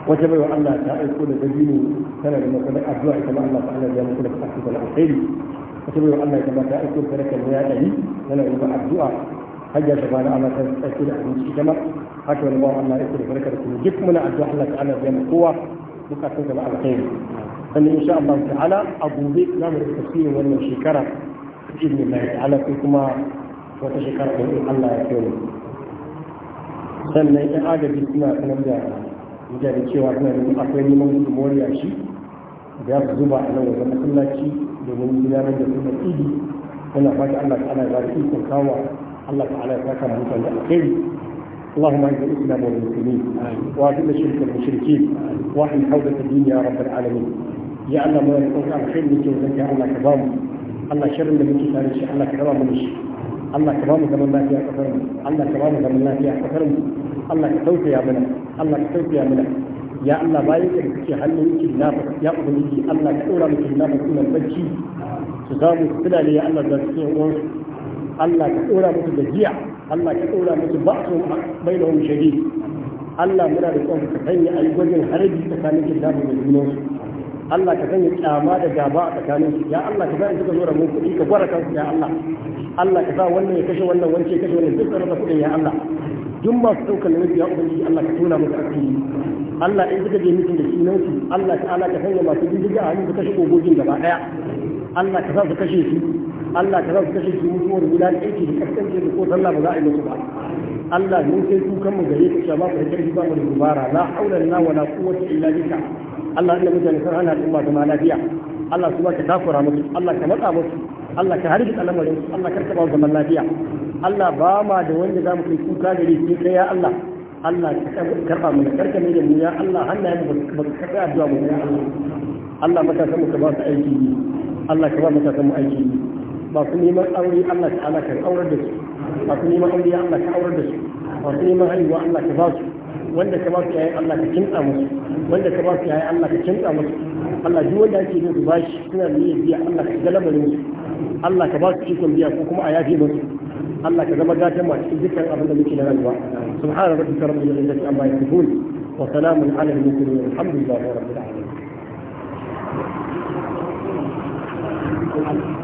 wata baiwa Allah ta aiko da dabino tana da masana addu'a ita ma Allah ta Allah ya muku da kasu da alkhairi wata baiwa Allah ta aiko da sadaka ne ya tana da addu'a hajjar ta bani Allah ta tsaki da abinci jama'a, haka wani bawan Allah ya ce da barka da kuma duk muna addu'a Allah Ta'ala ya mu kowa bukatun gaba alkhairi sannan insha Allah ta'ala a gobe za mu rubuta tafsirin wannan shekara باذن الله تعالى كما وتشكرت الله يكون sannan in agaji suna sanar da mutane cewa suna da akwai neman gudunmuwar shi da su zuba a nan wajen masallaci domin gudanar da sunan idi yana fata allah ta'ala ya ba da ikon kawo الله تعالى يساك رحمة الخير اللهم اعز الاسلام والمسلمين واذل الشرك المشركين واحل حوزة الدين يا رب العالمين يا الله ما يكون على خير منك وزكي على كرامه الله شر من منك تاريخ على كرامه مش الله كرامه زمن لا فيها كفرم الله كرامه زمن لا فيها كفرم الله كتوفي يا منا الله كتوفي يا منا ya Allah bayan da kake hannun kidnappers ya ubangiji Allah ka dora mu kidnappers din bacci su samu kudale ya Allah da suke uwan Allah ka dora musu gajiya Allah ka dora musu ba'su bai da shari Allah muna da kwanka ka sanya ayi gwajin harbi tsakanin kitabu da junan su Allah ka sanya kyama da gaba a tsakanin su ya Allah ka sanya suka zo da mun kuɗi ka gwara kansu ya Allah Allah ka sa wannan ya kashe wannan wance kashe wannan duk tsaro da kuɗin ya Allah duk masu ɗaukar namiji ya ubangiji Allah ka tona musu asiri Allah in suka je mutum da sunan su Allah ta'ala ka sanya masu bindiga a hannun su kashe kogogin gaba ɗaya Allah ka sa su kashe su Allah ta zama kashe su mutuwar gudan aiki da kasance da ko sallah ba za a yi musu ba Allah mun kai kukan mu gare ka shaba ku da karfi ba mu da dubara la haula lana wala quwwata illa bika Allah inda mutane sun hana al'umma zama lafiya Allah kuma ka dakura musu Allah ka matsa musu Allah ka harbi al'amarin su Allah ka ba zaman lafiya Allah ba ma da wanda za mu kai kuka gare shi kai ya Allah Allah ka karba mu karka ne da mu ya Allah hannayen ba ka karba addu'a mu Allah Allah matasan mu ka ba su aiki Allah ka ba matasan mu aiki masu neman aure Allah ta ala ka aurar da su masu neman aure Allah ka aurar da su masu neman haihuwa Allah ka ba su wanda ka ba su yayin Allah ka kinta musu wanda ka ba su yayin Allah ka kinta musu Allah duk wanda yake bin su bashi suna da niyyar biya Allah ka galabar musu Allah ka ba su ikon biya ko kuma a yafe musu Allah ka zama gatan ma cikin dukkan abin da muke na rayuwa subhana rabbika rabbil izzati amma yasifun wa salamun ala al-mursalin alhamdulillahi rabbil alamin Thank you.